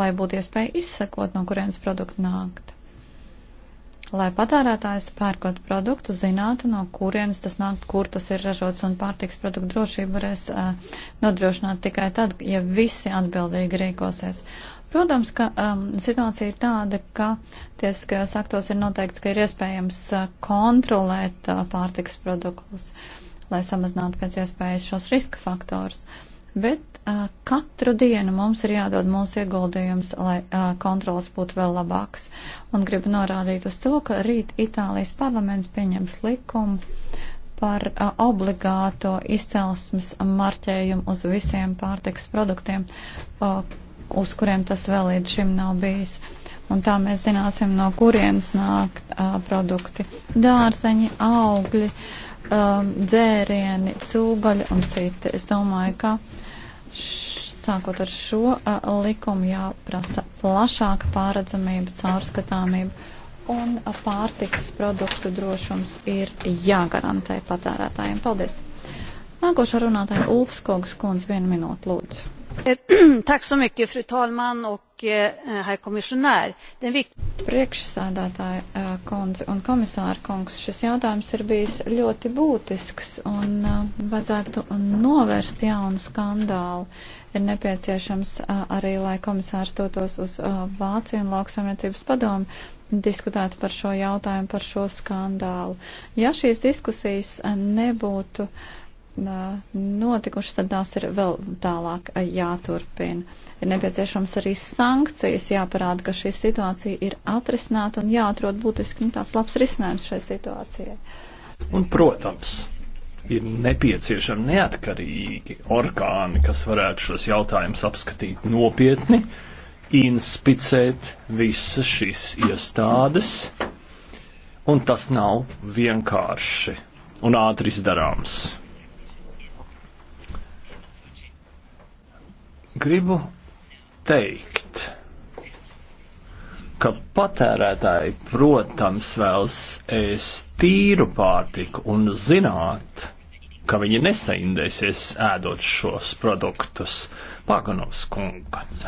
lai būtu iespēja izsekot, no kurienes produkti nākt. Lai patērētājs pērkot produktu zinātu, no kurienes tas nāk, kur tas ir ražots un pārtiks produktu drošību varēs uh, nodrošināt tikai tad, ja visi atbildīgi rīkosies. Protams, ka um, situācija ir tāda, ka tieskajos aktos ir noteikts, ka ir iespējams uh, kontrolēt uh, pārtikas produktus, lai samazinātu pēc iespējas šos riska faktorus. Bet uh, katru dienu mums ir jādod mūsu ieguldījums, lai uh, kontrols būtu vēl labāks. Un gribu norādīt uz to, ka rīt Itālijas parlaments pieņems likumu par uh, obligāto izcelsmes marķējumu uz visiem pārtiks produktiem, uh, uz kuriem tas vēl līdz šim nav bijis. Un tā mēs zināsim, no kurienes nāk uh, produkti - dārzeņi, augļi, um, dzērieni, cūgaļi un citi. Es domāju, ka sākot ar šo uh, likumu jāprasa plašāka pāredzamība, caurskatāmība un pārtikas produktu drošums ir jāgarantē patērētājiem. Paldies! Nākošā runātāja Ulfskogas kundze vienu minūtu lūdzu. Eh, fru talman och eh, eh, herr kommissionär. Priekšsēdētāja kundze un komisāra kungs, šis jautājums ir bijis ļoti būtisks un vajadzētu novērst jaunu skandālu. Ir nepieciešams arī, lai komisārs dotos uz Vāciju un lauksaimniecības padomu diskutētu par šo jautājumu, par šo skandālu. Ja šīs diskusijas nebūtu uh, notikušas, tad tās ir vēl tālāk jāturpina. Ir nepieciešams arī sankcijas jāparāda, ka šī situācija ir atrisināta un jāatrod būtiski nu, tāds labs risinājums šai situācijai. Un, protams, ir nepieciešami neatkarīgi orgāni, kas varētu šos jautājumus apskatīt nopietni, inspicēt visas šīs iestādes, un tas nav vienkārši un ātri izdarāms Gribu teikt, ka patērētāji, protams, vēlas ēst tīru pārtiku un zināt, ka viņi nesaindēsies ēdot šos produktus. Paganovs kungats.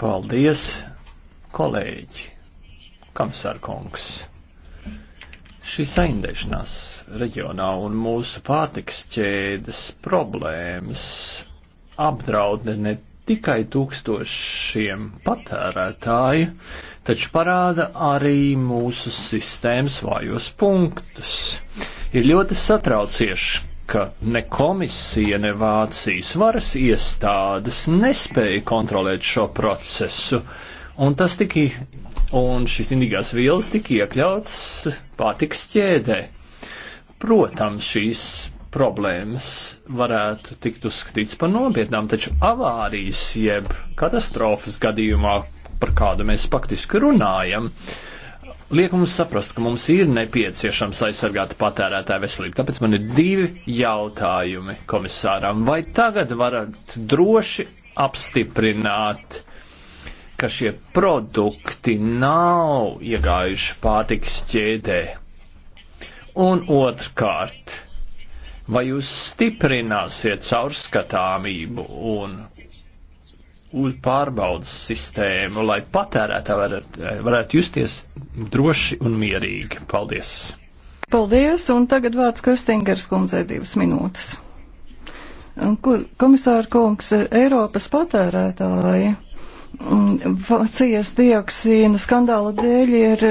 Paldies, kolēģi! Kamsarkungs! Šī saindēšanās reģionā un mūsu pārtiks ķēdes problēmas apdraud ne tikai tūkstošiem patērētāju, taču parāda arī mūsu sistēmas vājos punktus. Ir ļoti satraucieši, ka ne komisija, ne Vācijas varas iestādes nespēja kontrolēt šo procesu. Uh, Un tas tika, un šis indīgās vielas tika iekļauts pārtiks ķēdē. Protams, šīs problēmas varētu tikt uzskatīts par nopietnām, taču avārijas jeb katastrofas gadījumā, par kādu mēs faktiski runājam, liek mums saprast, ka mums ir nepieciešams aizsargāt patērētāju veselību. Tāpēc man ir divi jautājumi komisāram. Vai tagad varat droši apstiprināt ka šie produkti nav iegājuši pārtiks ķēdē. Un otrkārt, vai jūs stiprināsiet caurskatāmību un pārbaudas sistēmu, lai patērētā varētu, varētu justies droši un mierīgi? Paldies! Paldies, un tagad vārds Kristīngers kundzei divas minūtes. Komisāra kungs, Eiropas patērētāji Mm, Vācijas dioksīna skandāla dēļ ir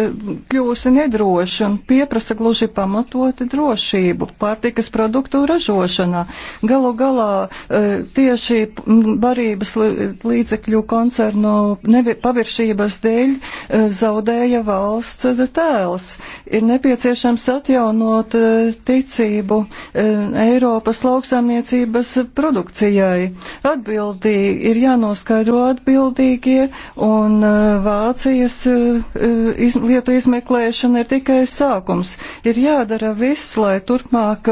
kļūsi nedroši un pieprasa gluži pamatoti drošību pārtikas produktu ražošanā. Galu galā e, tieši barības līdzekļu koncernu paviršības dēļ e, zaudēja valsts tēls. Ir nepieciešams atjaunot e, ticību Eiropas lauksaimniecības produkcijai. Atbildīgi ir jānoskaidro atbildīgi vainīgie, un uh, Vācijas uh, uh, iz, lietu izmeklēšana ir tikai sākums. Ir jādara viss, lai turpmāk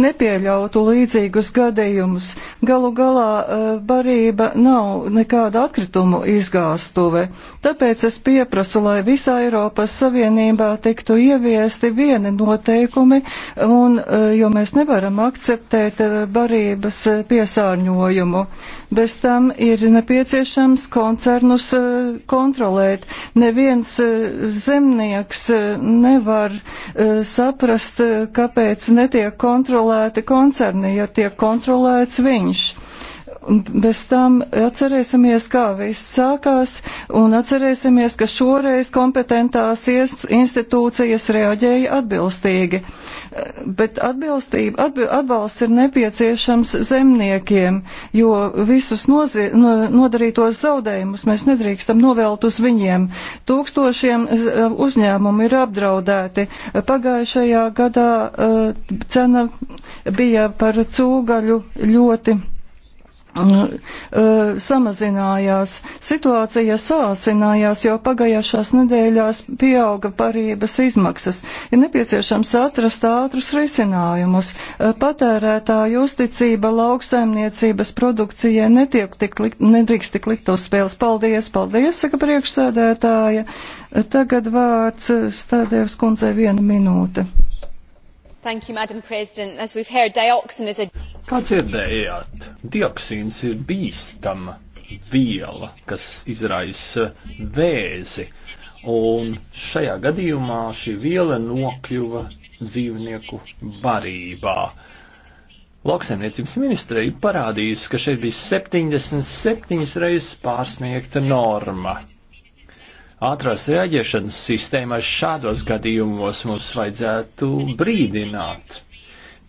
nepieļautu līdzīgus gadījumus. Galu galā barība nav nekāda atkritumu izgāstuve. Tāpēc es pieprasu, lai visā Eiropas Savienībā tiktu ieviesti vieni noteikumi, un, jo mēs nevaram akceptēt barības piesārņojumu. Bez tam ir nepieciešams koncepts cernus eh, kontrolēt. Neviens eh, zemnieks eh, nevar saprast, kāpēc netiek kontrolēti koncerni, ja tiek kontrolēts viņš bez tam atcerēsimies, kā viss sākās, un atcerēsimies, ka šoreiz kompetentās institūcijas reaģēja atbilstīgi. Bet atbilstība, atb atbalsts ir nepieciešams zemniekiem, jo visus no nodarītos zaudējumus mēs nedrīkstam novelt uz viņiem. Tūkstošiem eh, uzņēmumu ir apdraudēti. Pagājušajā gadā uh, cena bija par cūgaļu ļoti E, samazinājās. Situācija sāsinājās, jo pagājušās nedēļās pieauga parības izmaksas. Ir nepieciešams atrast ātrus risinājumus. E, patērētāju uzticība lauksaimniecības produkcijai netiek tik likt, nedrīkst tik likt uz spēles. Paldies, paldies, saka priekšsēdētāja. E, tagad vārds Stādēvs kundzei viena minūte. You, madam president as we have heard dioxin is a. Kā dzirdējāt, dioksīns ir bīstama viela, kas izraisa vēzi, un šajā gadījumā šī viela nokļuva dzīvnieku barībā. Lauksaimniecības ministrija parādījusi, ka šeit bija 77 reizes pārsniegta norma. Ātrās reaģēšanas sistēmai šādos gadījumos mums vajadzētu brīdināt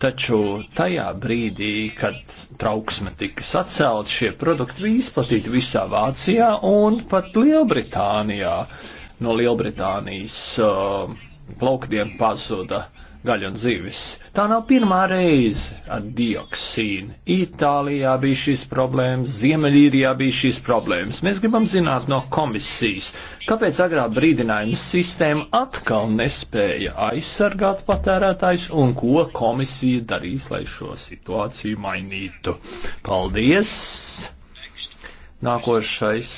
Taču tajā brīdī, kad trauksme tika sacelt, šie produkti bija izplatīti visā Vācijā un pat Lielbritānijā. No Lielbritānijas uh, plaukdiem pazuda gaļu un zivis. Tā nav pirmā reize ar dioksīnu. Itālijā bija šīs problēmas, Ziemeļīrijā bija šīs problēmas. Mēs gribam zināt no komisijas, kāpēc agrā brīdinājuma sistēma atkal nespēja aizsargāt patērētājs un ko komisija darīs, lai šo situāciju mainītu. Paldies! Nākošais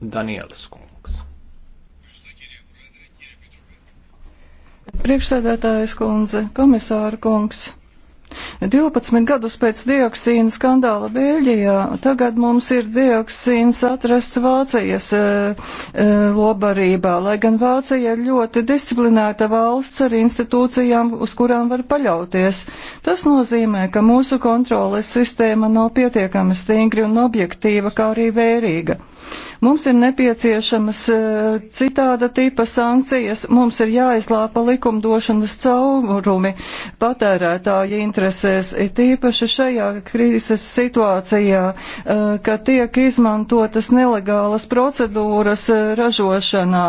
Danielis Kungs. Priekšsēdētājas kundze, komisāra kungs. 12 gadus pēc dioksīna skandāla Bēļģijā, tagad mums ir dioksīns atrasts Vācijas e, e, lobarībā, lai gan Vācija ir ļoti disciplinēta valsts ar institūcijām, uz kurām var paļauties. Tas nozīmē, ka mūsu kontroles sistēma nav pietiekami stingri un objektīva, kā arī vērīga. Mums ir nepieciešamas e, citāda tipa sankcijas, mums ir jāizlāpa likumdošanas caurumi patērētāja interesēs, it īpaši šajā krīzes situācijā, e, ka tiek izmantotas nelegālas procedūras e, ražošanā.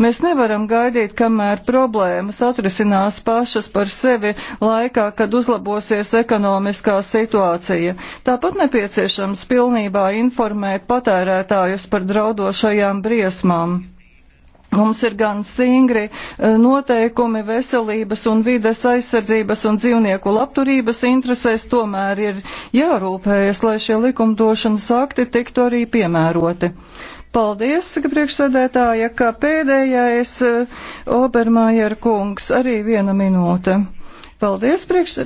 Mēs nevaram gaidīt, kamēr problēmas atrisinās pašas par sevi laikā, kad uzlabosies ekonomiskā situācija. Tāpat nepieciešams pilnībā informēt patērētāju iestājas par draudošajām briesmām. Mums ir gan stingri eh, noteikumi veselības un vides aizsardzības un dzīvnieku labturības interesēs, tomēr ir jārūpējas, lai šie likumdošanas akti tiktu arī piemēroti. Paldies, priekšsēdētāja, ka pēdējais eh, Obermajer kungs arī viena minūte. Paldies, priekš,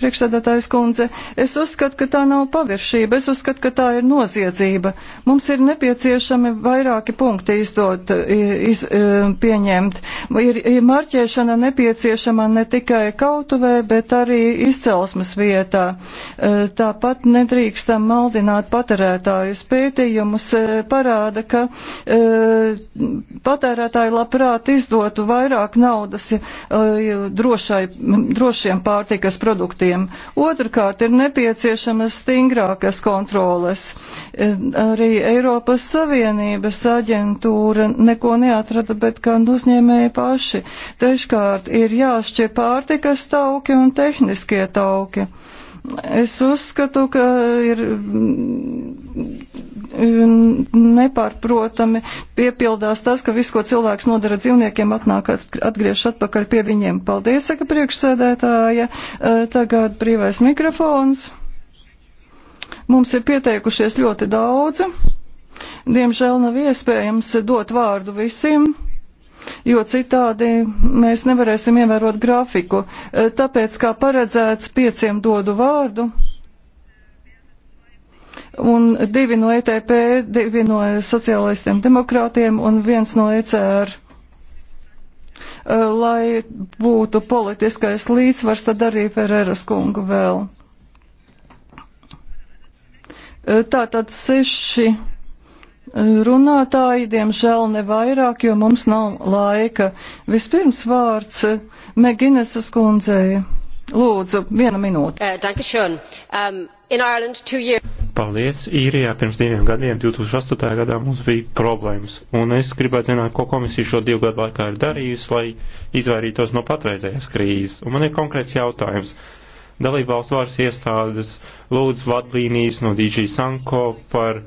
priekšsēdētājs kundze. Es uzskatu, ka tā nav paviršība, es uzskatu, ka tā ir noziedzība. Mums ir nepieciešami vairāki punkti izdot, iz, pieņemt. Ir, ir marķēšana nepieciešama ne tikai kautuvē, bet arī izcelsmes vietā. E, tāpat nedrīkstam maldināt patērētājus. Pētījumus e, parāda, ka e, patērētāji labprāt izdotu vairāk naudas drošai, drošai drošiem pārtikas produktiem. Otrkārt, ir nepieciešamas stingrākas kontroles. E, arī Eiropas Savienības aģentūra neko neatrada, bet gan uzņēmēji paši. Treškārt, ir jāšķir pārtikas tauki un tehniskie tauki. Es uzskatu, ka ir mm, nepārprotami piepildās tas, ka viss, ko cilvēks nodara dzīvniekiem, atnāk atgriež atpakaļ pie viņiem. Paldies, saka priekšsēdētāja. E, tagad brīvais mikrofons. Mums ir pieteikušies ļoti daudzi. Diemžēl nav iespējams dot vārdu visiem jo citādi mēs nevarēsim ievērot grafiku. E, tāpēc, kā paredzēts, pieciem dodu vārdu un divi no ETP, divi no sociālistiem demokrātiem un viens no ECR. E, lai būtu politiskais līdzsvars, tad arī Ferreras kungu vēl. E, tātad seši runātāji, diemžēl ne vairāk, jo mums nav laika. Vispirms vārds Meginesas kundzei. Lūdzu, viena minūte. Eh, um, Paldies. Īrijā pirms diviem gadiem, 2008. gadā, mums bija problēmas. Un es gribētu zināt, ko komisija šo divu gadu laikā ir darījusi, lai izvairītos no patreizējās krīzes. Un man ir konkrēts jautājums. Dalībvalstu varas iestādes lūdz vadlīnijas no DG Sanko par uh,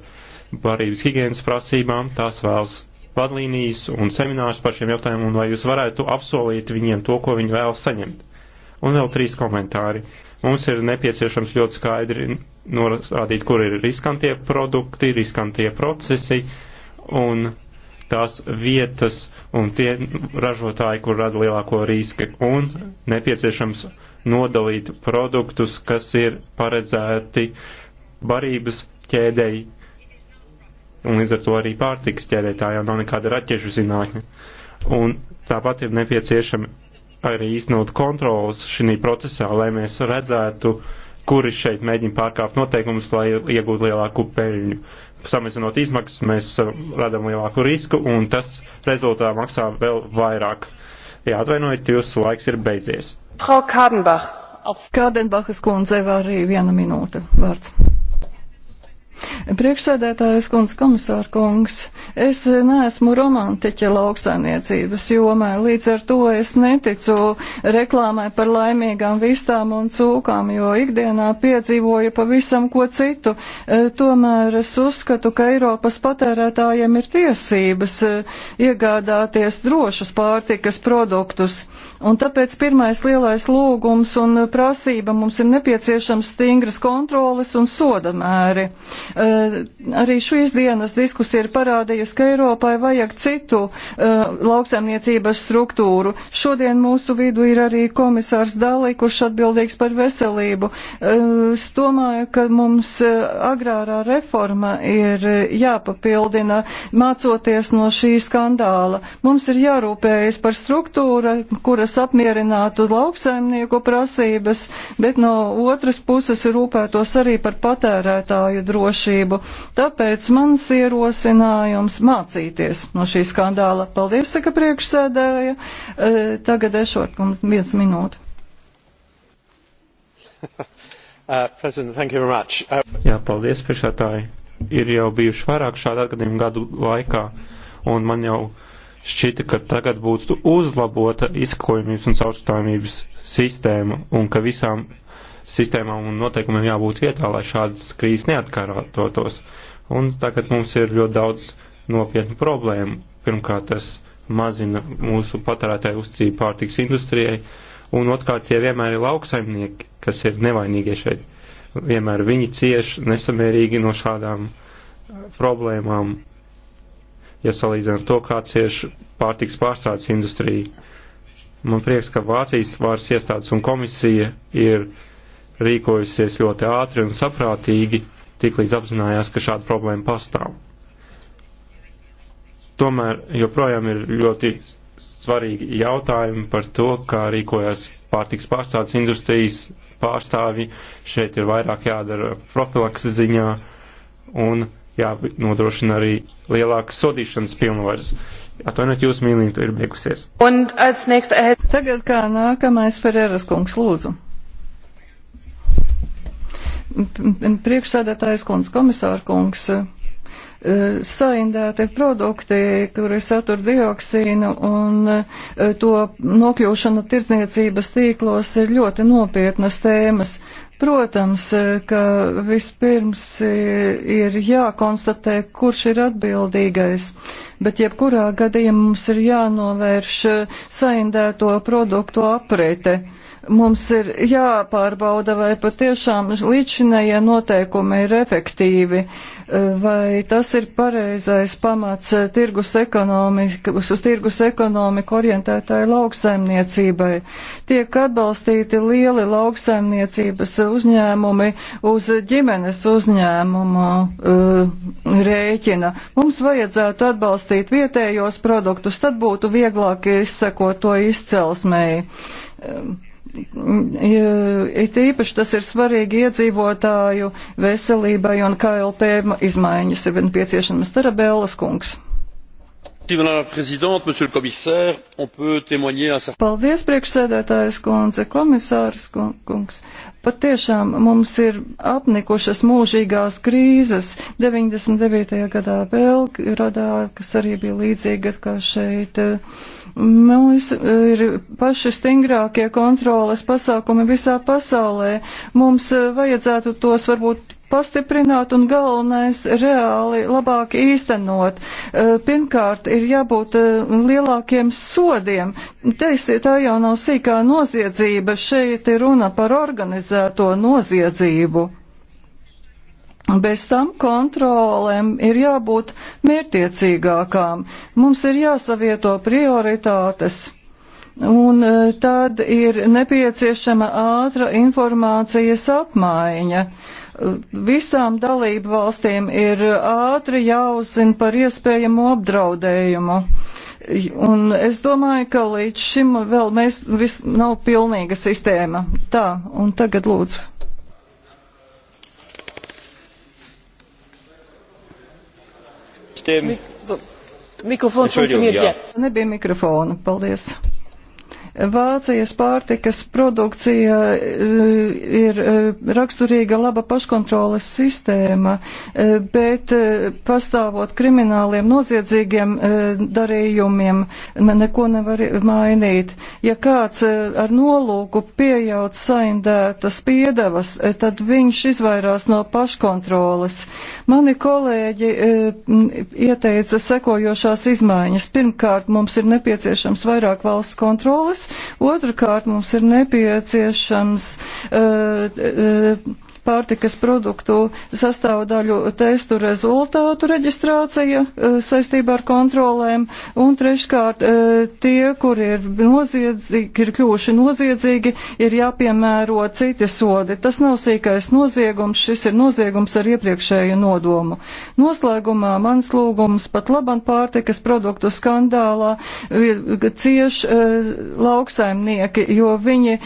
barības higienas prasībām, tās vēlas vadlīnijas un seminārus par šiem jautājumiem, un vai jūs varētu apsolīt viņiem to, ko viņi vēlas saņemt. Un vēl trīs komentāri. Mums ir nepieciešams ļoti skaidri norādīt, kur ir riskantie produkti, riskantie procesi un tās vietas un tie ražotāji, kur rada lielāko riski. Un nepieciešams nodalīt produktus, kas ir paredzēti barības ķēdēji un līdz ar to arī pārtiks ķērētājām nav nekāda raķešu zinātņa. Un tāpat ir nepieciešami arī īstenot kontrolas šī procesā, lai mēs redzētu, kuri šeit mēģina pārkāpt noteikumus, lai iegūtu lielāku peļņu. Samazinot izmaksas, mēs uh, radām lielāku risku, un tas rezultātā maksā vēl vairāk. Jā, atvainojiet, jūsu laiks ir beidzies. Frau Kādenbach. Kādenbachas kundzei vēl arī viena minūte vārds. Priekšsēdētājs kundz komisāra kungs, es neesmu romantiķa lauksaimniecības jomē, līdz ar to es neticu reklāmai par laimīgām vistām un cūkām, jo ikdienā piedzīvoju pavisam ko citu. E, tomēr es uzskatu, ka Eiropas patērētājiem ir tiesības e, iegādāties drošus pārtikas produktus. Un tāpēc pirmais lielais lūgums un prasība mums ir nepieciešams stingras kontroles un sodamēri. Uh, arī šīs dienas diskusija ir parādījusi, ka Eiropai vajag citu uh, lauksaimniecības struktūru. Šodien mūsu vidu ir arī komisārs Dalī, kurš atbildīgs par veselību. Uh, es domāju, ka mums agrārā reforma ir jāpapildina mācoties no šī skandāla. Mums ir jārūpējas par struktūru, kuras kas apmierinātu lauksaimnieku prasības, bet no otras puses rūpētos arī par patērētāju drošību. Tāpēc mans ierosinājums mācīties no šī skandāla. Paldies, saka priekšsēdēja. E, tagad ešot, viens minūte. Uh, uh... Jā, paldies, priekšsētāji. Ir jau bijuši vairāk šādu atgadījumu gadu laikā, un man jau šķita, ka tagad būtu uzlabota izklājumības un caurskatāmības sistēma un ka visām sistēmām un noteikumiem jābūt vietā, lai šādas krīzes neatkārtotos. Un tagad mums ir ļoti daudz nopietnu problēmu. Pirmkārt, tas mazina mūsu patērētāju uzticību pārtiks industrijai, un otrkārt, tie vienmēr ir lauksaimnieki, kas ir nevainīgie šeit. Vienmēr viņi cieš nesamērīgi no šādām problēmām, ja salīdzinām to, kā cieši pārtiks pārstrādes industrija. Man prieks, ka Vācijas varas iestādes un komisija ir rīkojusies ļoti ātri un saprātīgi, tiklīdz apzinājās, ka šāda problēma pastāv. Tomēr joprojām ir ļoti svarīgi jautājumi par to, kā rīkojās pārtiks pārstrādes industrijas pārstāvji. Šeit ir vairāk jādara profilakses ziņā un jānodrošina arī lielākas sodīšanas pilnvaras. Atvainojiet, jūs mīlīntu ir beigusies. Un atsniegst. Tagad kā nākamais Ferēras kungs lūdzu. Priekšsēdētājs kungs, komisāra kungs eh, saindēti produkti, kuri satur dioksīnu un eh, to nokļūšana tirdzniecības tīklos ir ļoti nopietnas tēmas. Protams, e, ka vispirms e, ir jākonstatē, kurš ir atbildīgais, bet jebkurā gadījumā mums ir jānovērš saindēto produktu aprete. Mums ir jāpārbauda, vai patiešām līdzinējie noteikumi ir efektīvi, vai tas ir pareizais pamats tirgus uz tirgus ekonomiku orientētai lauksaimniecībai. Tiek atbalstīti lieli lauksaimniecības uzņēmumi uz ģimenes uzņēmumu uh, rēķina. Mums vajadzētu atbalstīt vietējos produktus, tad būtu vieglāk izsekot to izcelsmēji. Um, Mm, it īpaši tas ir svarīgi iedzīvotāju veselībai un KLP izmaiņas ir nepieciešamas Tarabēlas kungs. Madame la Présidente, Monsieur le Commissaire, on peut témoigner un certain... Paldies, priekšsēdētājs kundze, komisārs kungs. Pat tiešām mums ir apnikušas mūžīgās krīzes. 99. gadā vēl radā, kas arī bija līdzīga kā šeit. Uh, Mums ir paši stingrākie kontroles pasākumi visā pasaulē. Mums eh, vajadzētu tos varbūt pastiprināt un galvenais reāli labāk īstenot. Eh, pirmkārt, ir jābūt eh, lielākiem sodiem. Teisi, tā jau nav sīkā noziedzība, šeit ir runa par organizēto noziedzību. Bez tam kontrolēm ir jābūt mērtiecīgākām. Mums ir jāsavieto prioritātes. Un e, tad ir nepieciešama ātra informācijas apmaiņa. E, visām dalību valstīm ir ātri jāuzzina par iespējamo apdraudējumu. Un es domāju, ka līdz šim vēl mēs vis nav pilnīga sistēma. Tā, un tagad lūdzu. dem. Mikrofons funktioniert jetzt. Nebija mikrofona. Paldies. Vācijas pārtikas produkcija eh, ir eh, raksturīga laba paškontroles sistēma, eh, bet pastāvot krimināliem noziedzīgiem darījumiem neko nevar mainīt. Ja kāds ar nolūku piejaut saindētas piedevas, tad viņš izvairās no paškontroles. Mani kolēģi ieteica sekojošās izmaiņas. Pirmkārt, mums ir nepieciešams vairāk valsts kontroles, Otrkārt, mums ir nepieciešams uh, uh, pārtikas produktu sastāvdaļu testu rezultātu reģistrācija eh, saistībā ar kontrolēm, un treškārt eh, tie, kur ir noziedzīgi, ir kļuvuši noziedzīgi, ir jāpiemēro citi sodi. Tas nav sīkais noziegums, šis ir noziegums ar iepriekšēju nodomu. Noslēgumā mans lūgums pat laban pārtikas produktu skandālā cieš eh, lauksaimnieki, jo viņi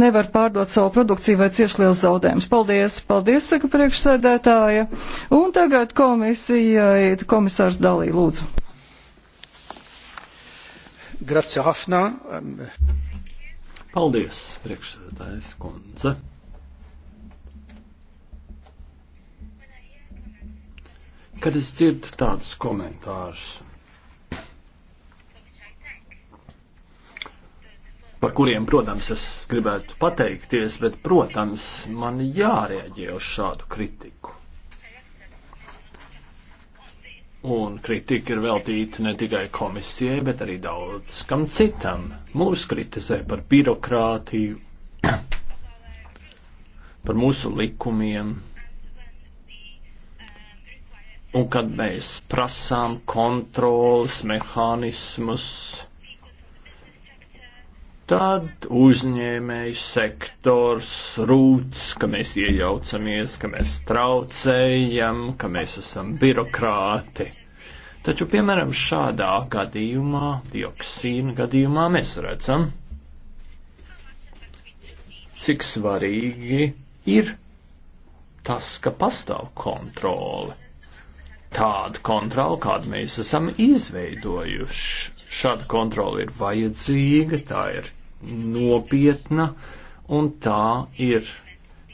nevar pārdot savu produkciju vai cieš liels zaudējums iespējams. Paldies, paldies, saka priekšsēdētāja. Un tagad komisijai komisārs Dalī, lūdzu. Grazie, Hafnā. Paldies, priekšsēdētājs kundze. Kad es dzirdu tādus komentārus par kuriem, protams, es gribētu pateikties, bet, protams, man jārēģē uz šādu kritiku. Un kritika ir veltīta ne tikai komisijai, bet arī daudz kam citam. Mūs kritizē par birokrātiju, par mūsu likumiem. Un kad mēs prasām kontrolas mehānismus, tad uzņēmējs sektors rūts, ka mēs iejaucamies, ka mēs traucējam, ka mēs esam birokrāti. Taču, piemēram, šādā gadījumā, dioksīna gadījumā, mēs redzam, cik svarīgi ir tas, ka pastāv kontrole. Tādu kontroli, kādu mēs esam izveidojuši, šāda kontrola ir vajadzīga, tā ir nopietna un tā ir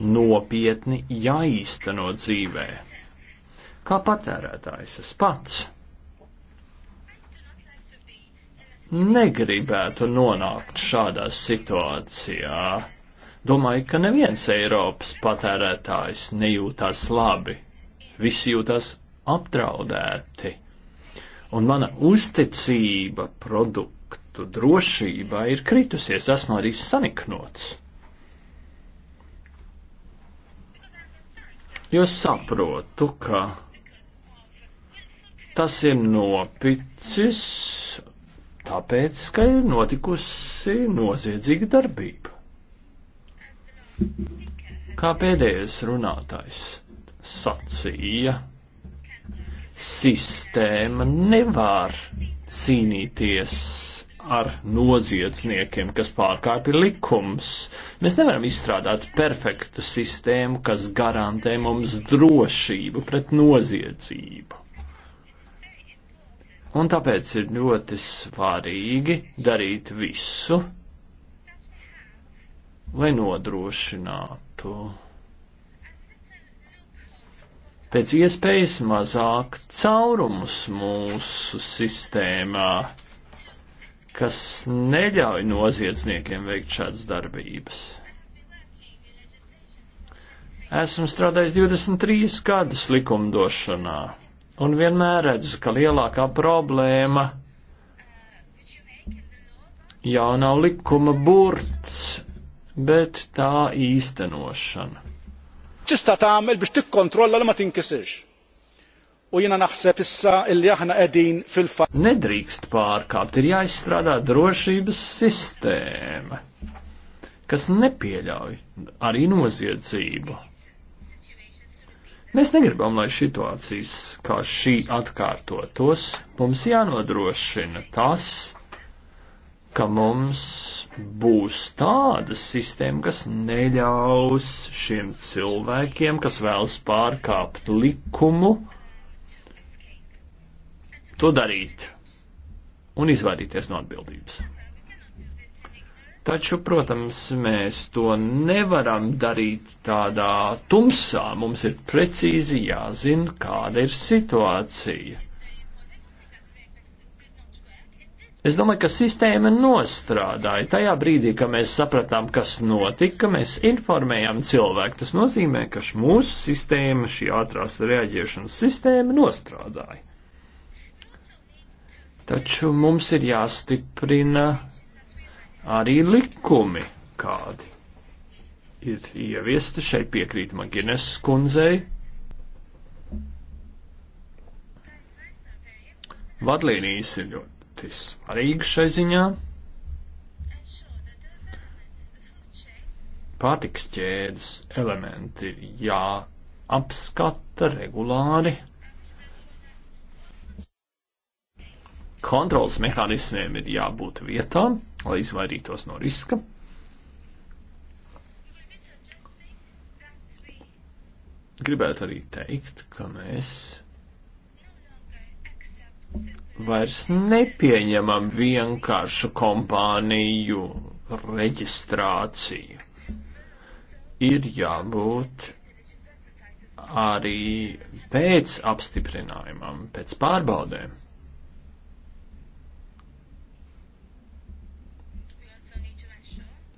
nopietni jāīsteno dzīvē. Kā patērētājs es pats negribētu nonākt šādā situācijā. Domāju, ka neviens Eiropas patērētājs nejūtās labi. Visi jūtās apdraudēti. Un mana uzticība produktu produktu drošība ir kritusies, esmu arī saniknots. Jo saprotu, ka tas ir nopicis, tāpēc, ka ir notikusi noziedzīga darbība. Kā pēdējais runātājs sacīja, sistēma nevar cīnīties ar noziedzniekiem, kas pārkāpja likums. Mēs nevaram izstrādāt perfektu sistēmu, kas garantē mums drošību pret noziedzību. Un tāpēc ir ļoti svarīgi darīt visu, lai nodrošinātu pēc iespējas mazāk caurumus mūsu sistēmā kas neļauj noziedzniekiem veikt šādas darbības. Esmu strādājis 23 gadus likumdošanā un vienmēr redzu, ka lielākā problēma jau nav likuma burts, bet tā īstenošana. Tista' tagħmel biex tikkontrolla li ma tinkisirx. U jina naħseb issa illi aħna qegħdin fil-fatt. Nedrīkst pārkāpt, ir jāizstrādā drošības sistēma, kas nepieļauj arī noziedzību. Mēs negribam, lai situācijas kā šī atkārtotos. Mums jānodrošina tas, ka mums būs tāda sistēma, kas neļaus šiem cilvēkiem, kas vēlas pārkāpt likumu, to darīt un izvairīties no atbildības. Taču, protams, mēs to nevaram darīt tādā tumsā. Mums ir precīzi jāzina, kāda ir situācija. Es domāju, ka sistēma nostrādāja. Tajā brīdī, kad mēs sapratām, kas notika, mēs informējām cilvēku. Tas nozīmē, ka mūsu sistēma, šī ātrās reaģēšanas sistēma nostrādāja. Taču mums ir jāstiprina arī likumi kādi. Ir ieviesti šeit piekrīt Magines skundzei. Vadlīnijas ir ļoti svarīgas šai ziņā. Pārtiks ķēdes elementi ir jāapskata regulāri. kontrols mehānismiem ir jābūt vietā, lai izvairītos no riska. Gribētu arī teikt, ka mēs vairs nepieņemam vienkāršu kompāniju reģistrāciju. Ir jābūt arī pēc apstiprinājumam, pēc pārbaudēm.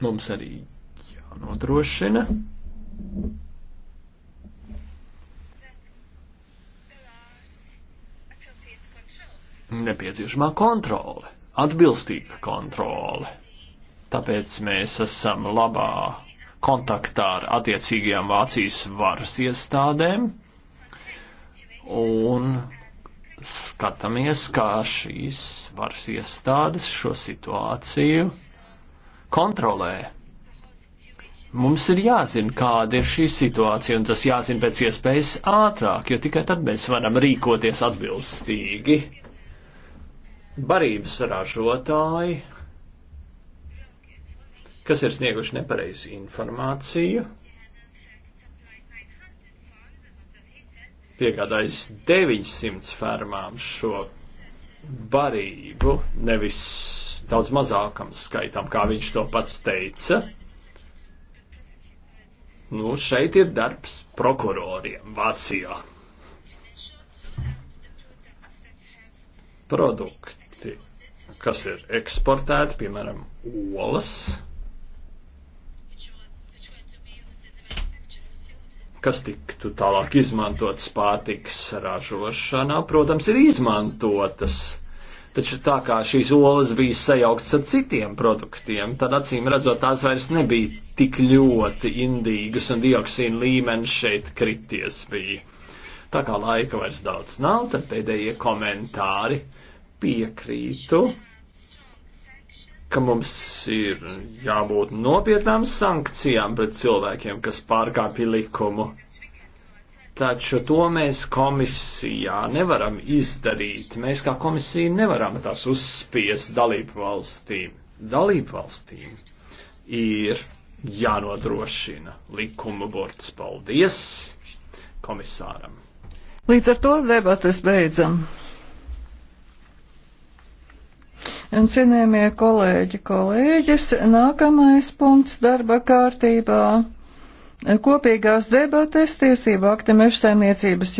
Mums arī jānodrošina. Nepieciešamā kontrole, atbilstīga kontrole. Tāpēc mēs esam labā kontaktā ar attiecīgajām Vācijas varas iestādēm un skatāmies, kā šīs varas iestādes šo situāciju kontrolē. Mums ir jāzina, kāda ir šī situācija, un tas jāzina pēc iespējas ātrāk, jo tikai tad mēs varam rīkoties atbilstīgi. Barības ražotāji, kas ir snieguši nepareizu informāciju, piegādājis 900 fermām šo barību, nevis daudz mazākam skaitam, kā viņš to pats teica. Nu, šeit ir darbs prokuroriem Vācijā. Produkti, kas ir eksportēti, piemēram, olas, kas tiktu tālāk izmantotas pārtiks ražošanā, protams, ir izmantotas Taču tā kā šīs olas bija sajauktas ar citiem produktiem, tad acīm redzot, tās vairs nebija tik ļoti indīgas un dioksīna līmenis šeit krities bija. Tā kā laika vairs daudz nav, tad pēdējie komentāri piekrītu, ka mums ir jābūt nopietnām sankcijām pret cilvēkiem, kas pārkāpja likumu. Taču to mēs komisijā nevaram izdarīt. Mēs kā komisija nevaram tās uzspiest dalību valstīm. Dalību valstīm ir jānodrošina likuma burts. Paldies komisāram! Līdz ar to debatas beidzam. Cienījamie kolēģi, kolēģis, nākamais punkts darba kārtībā. Kopīgās debates tiesību akti mežsaimniecības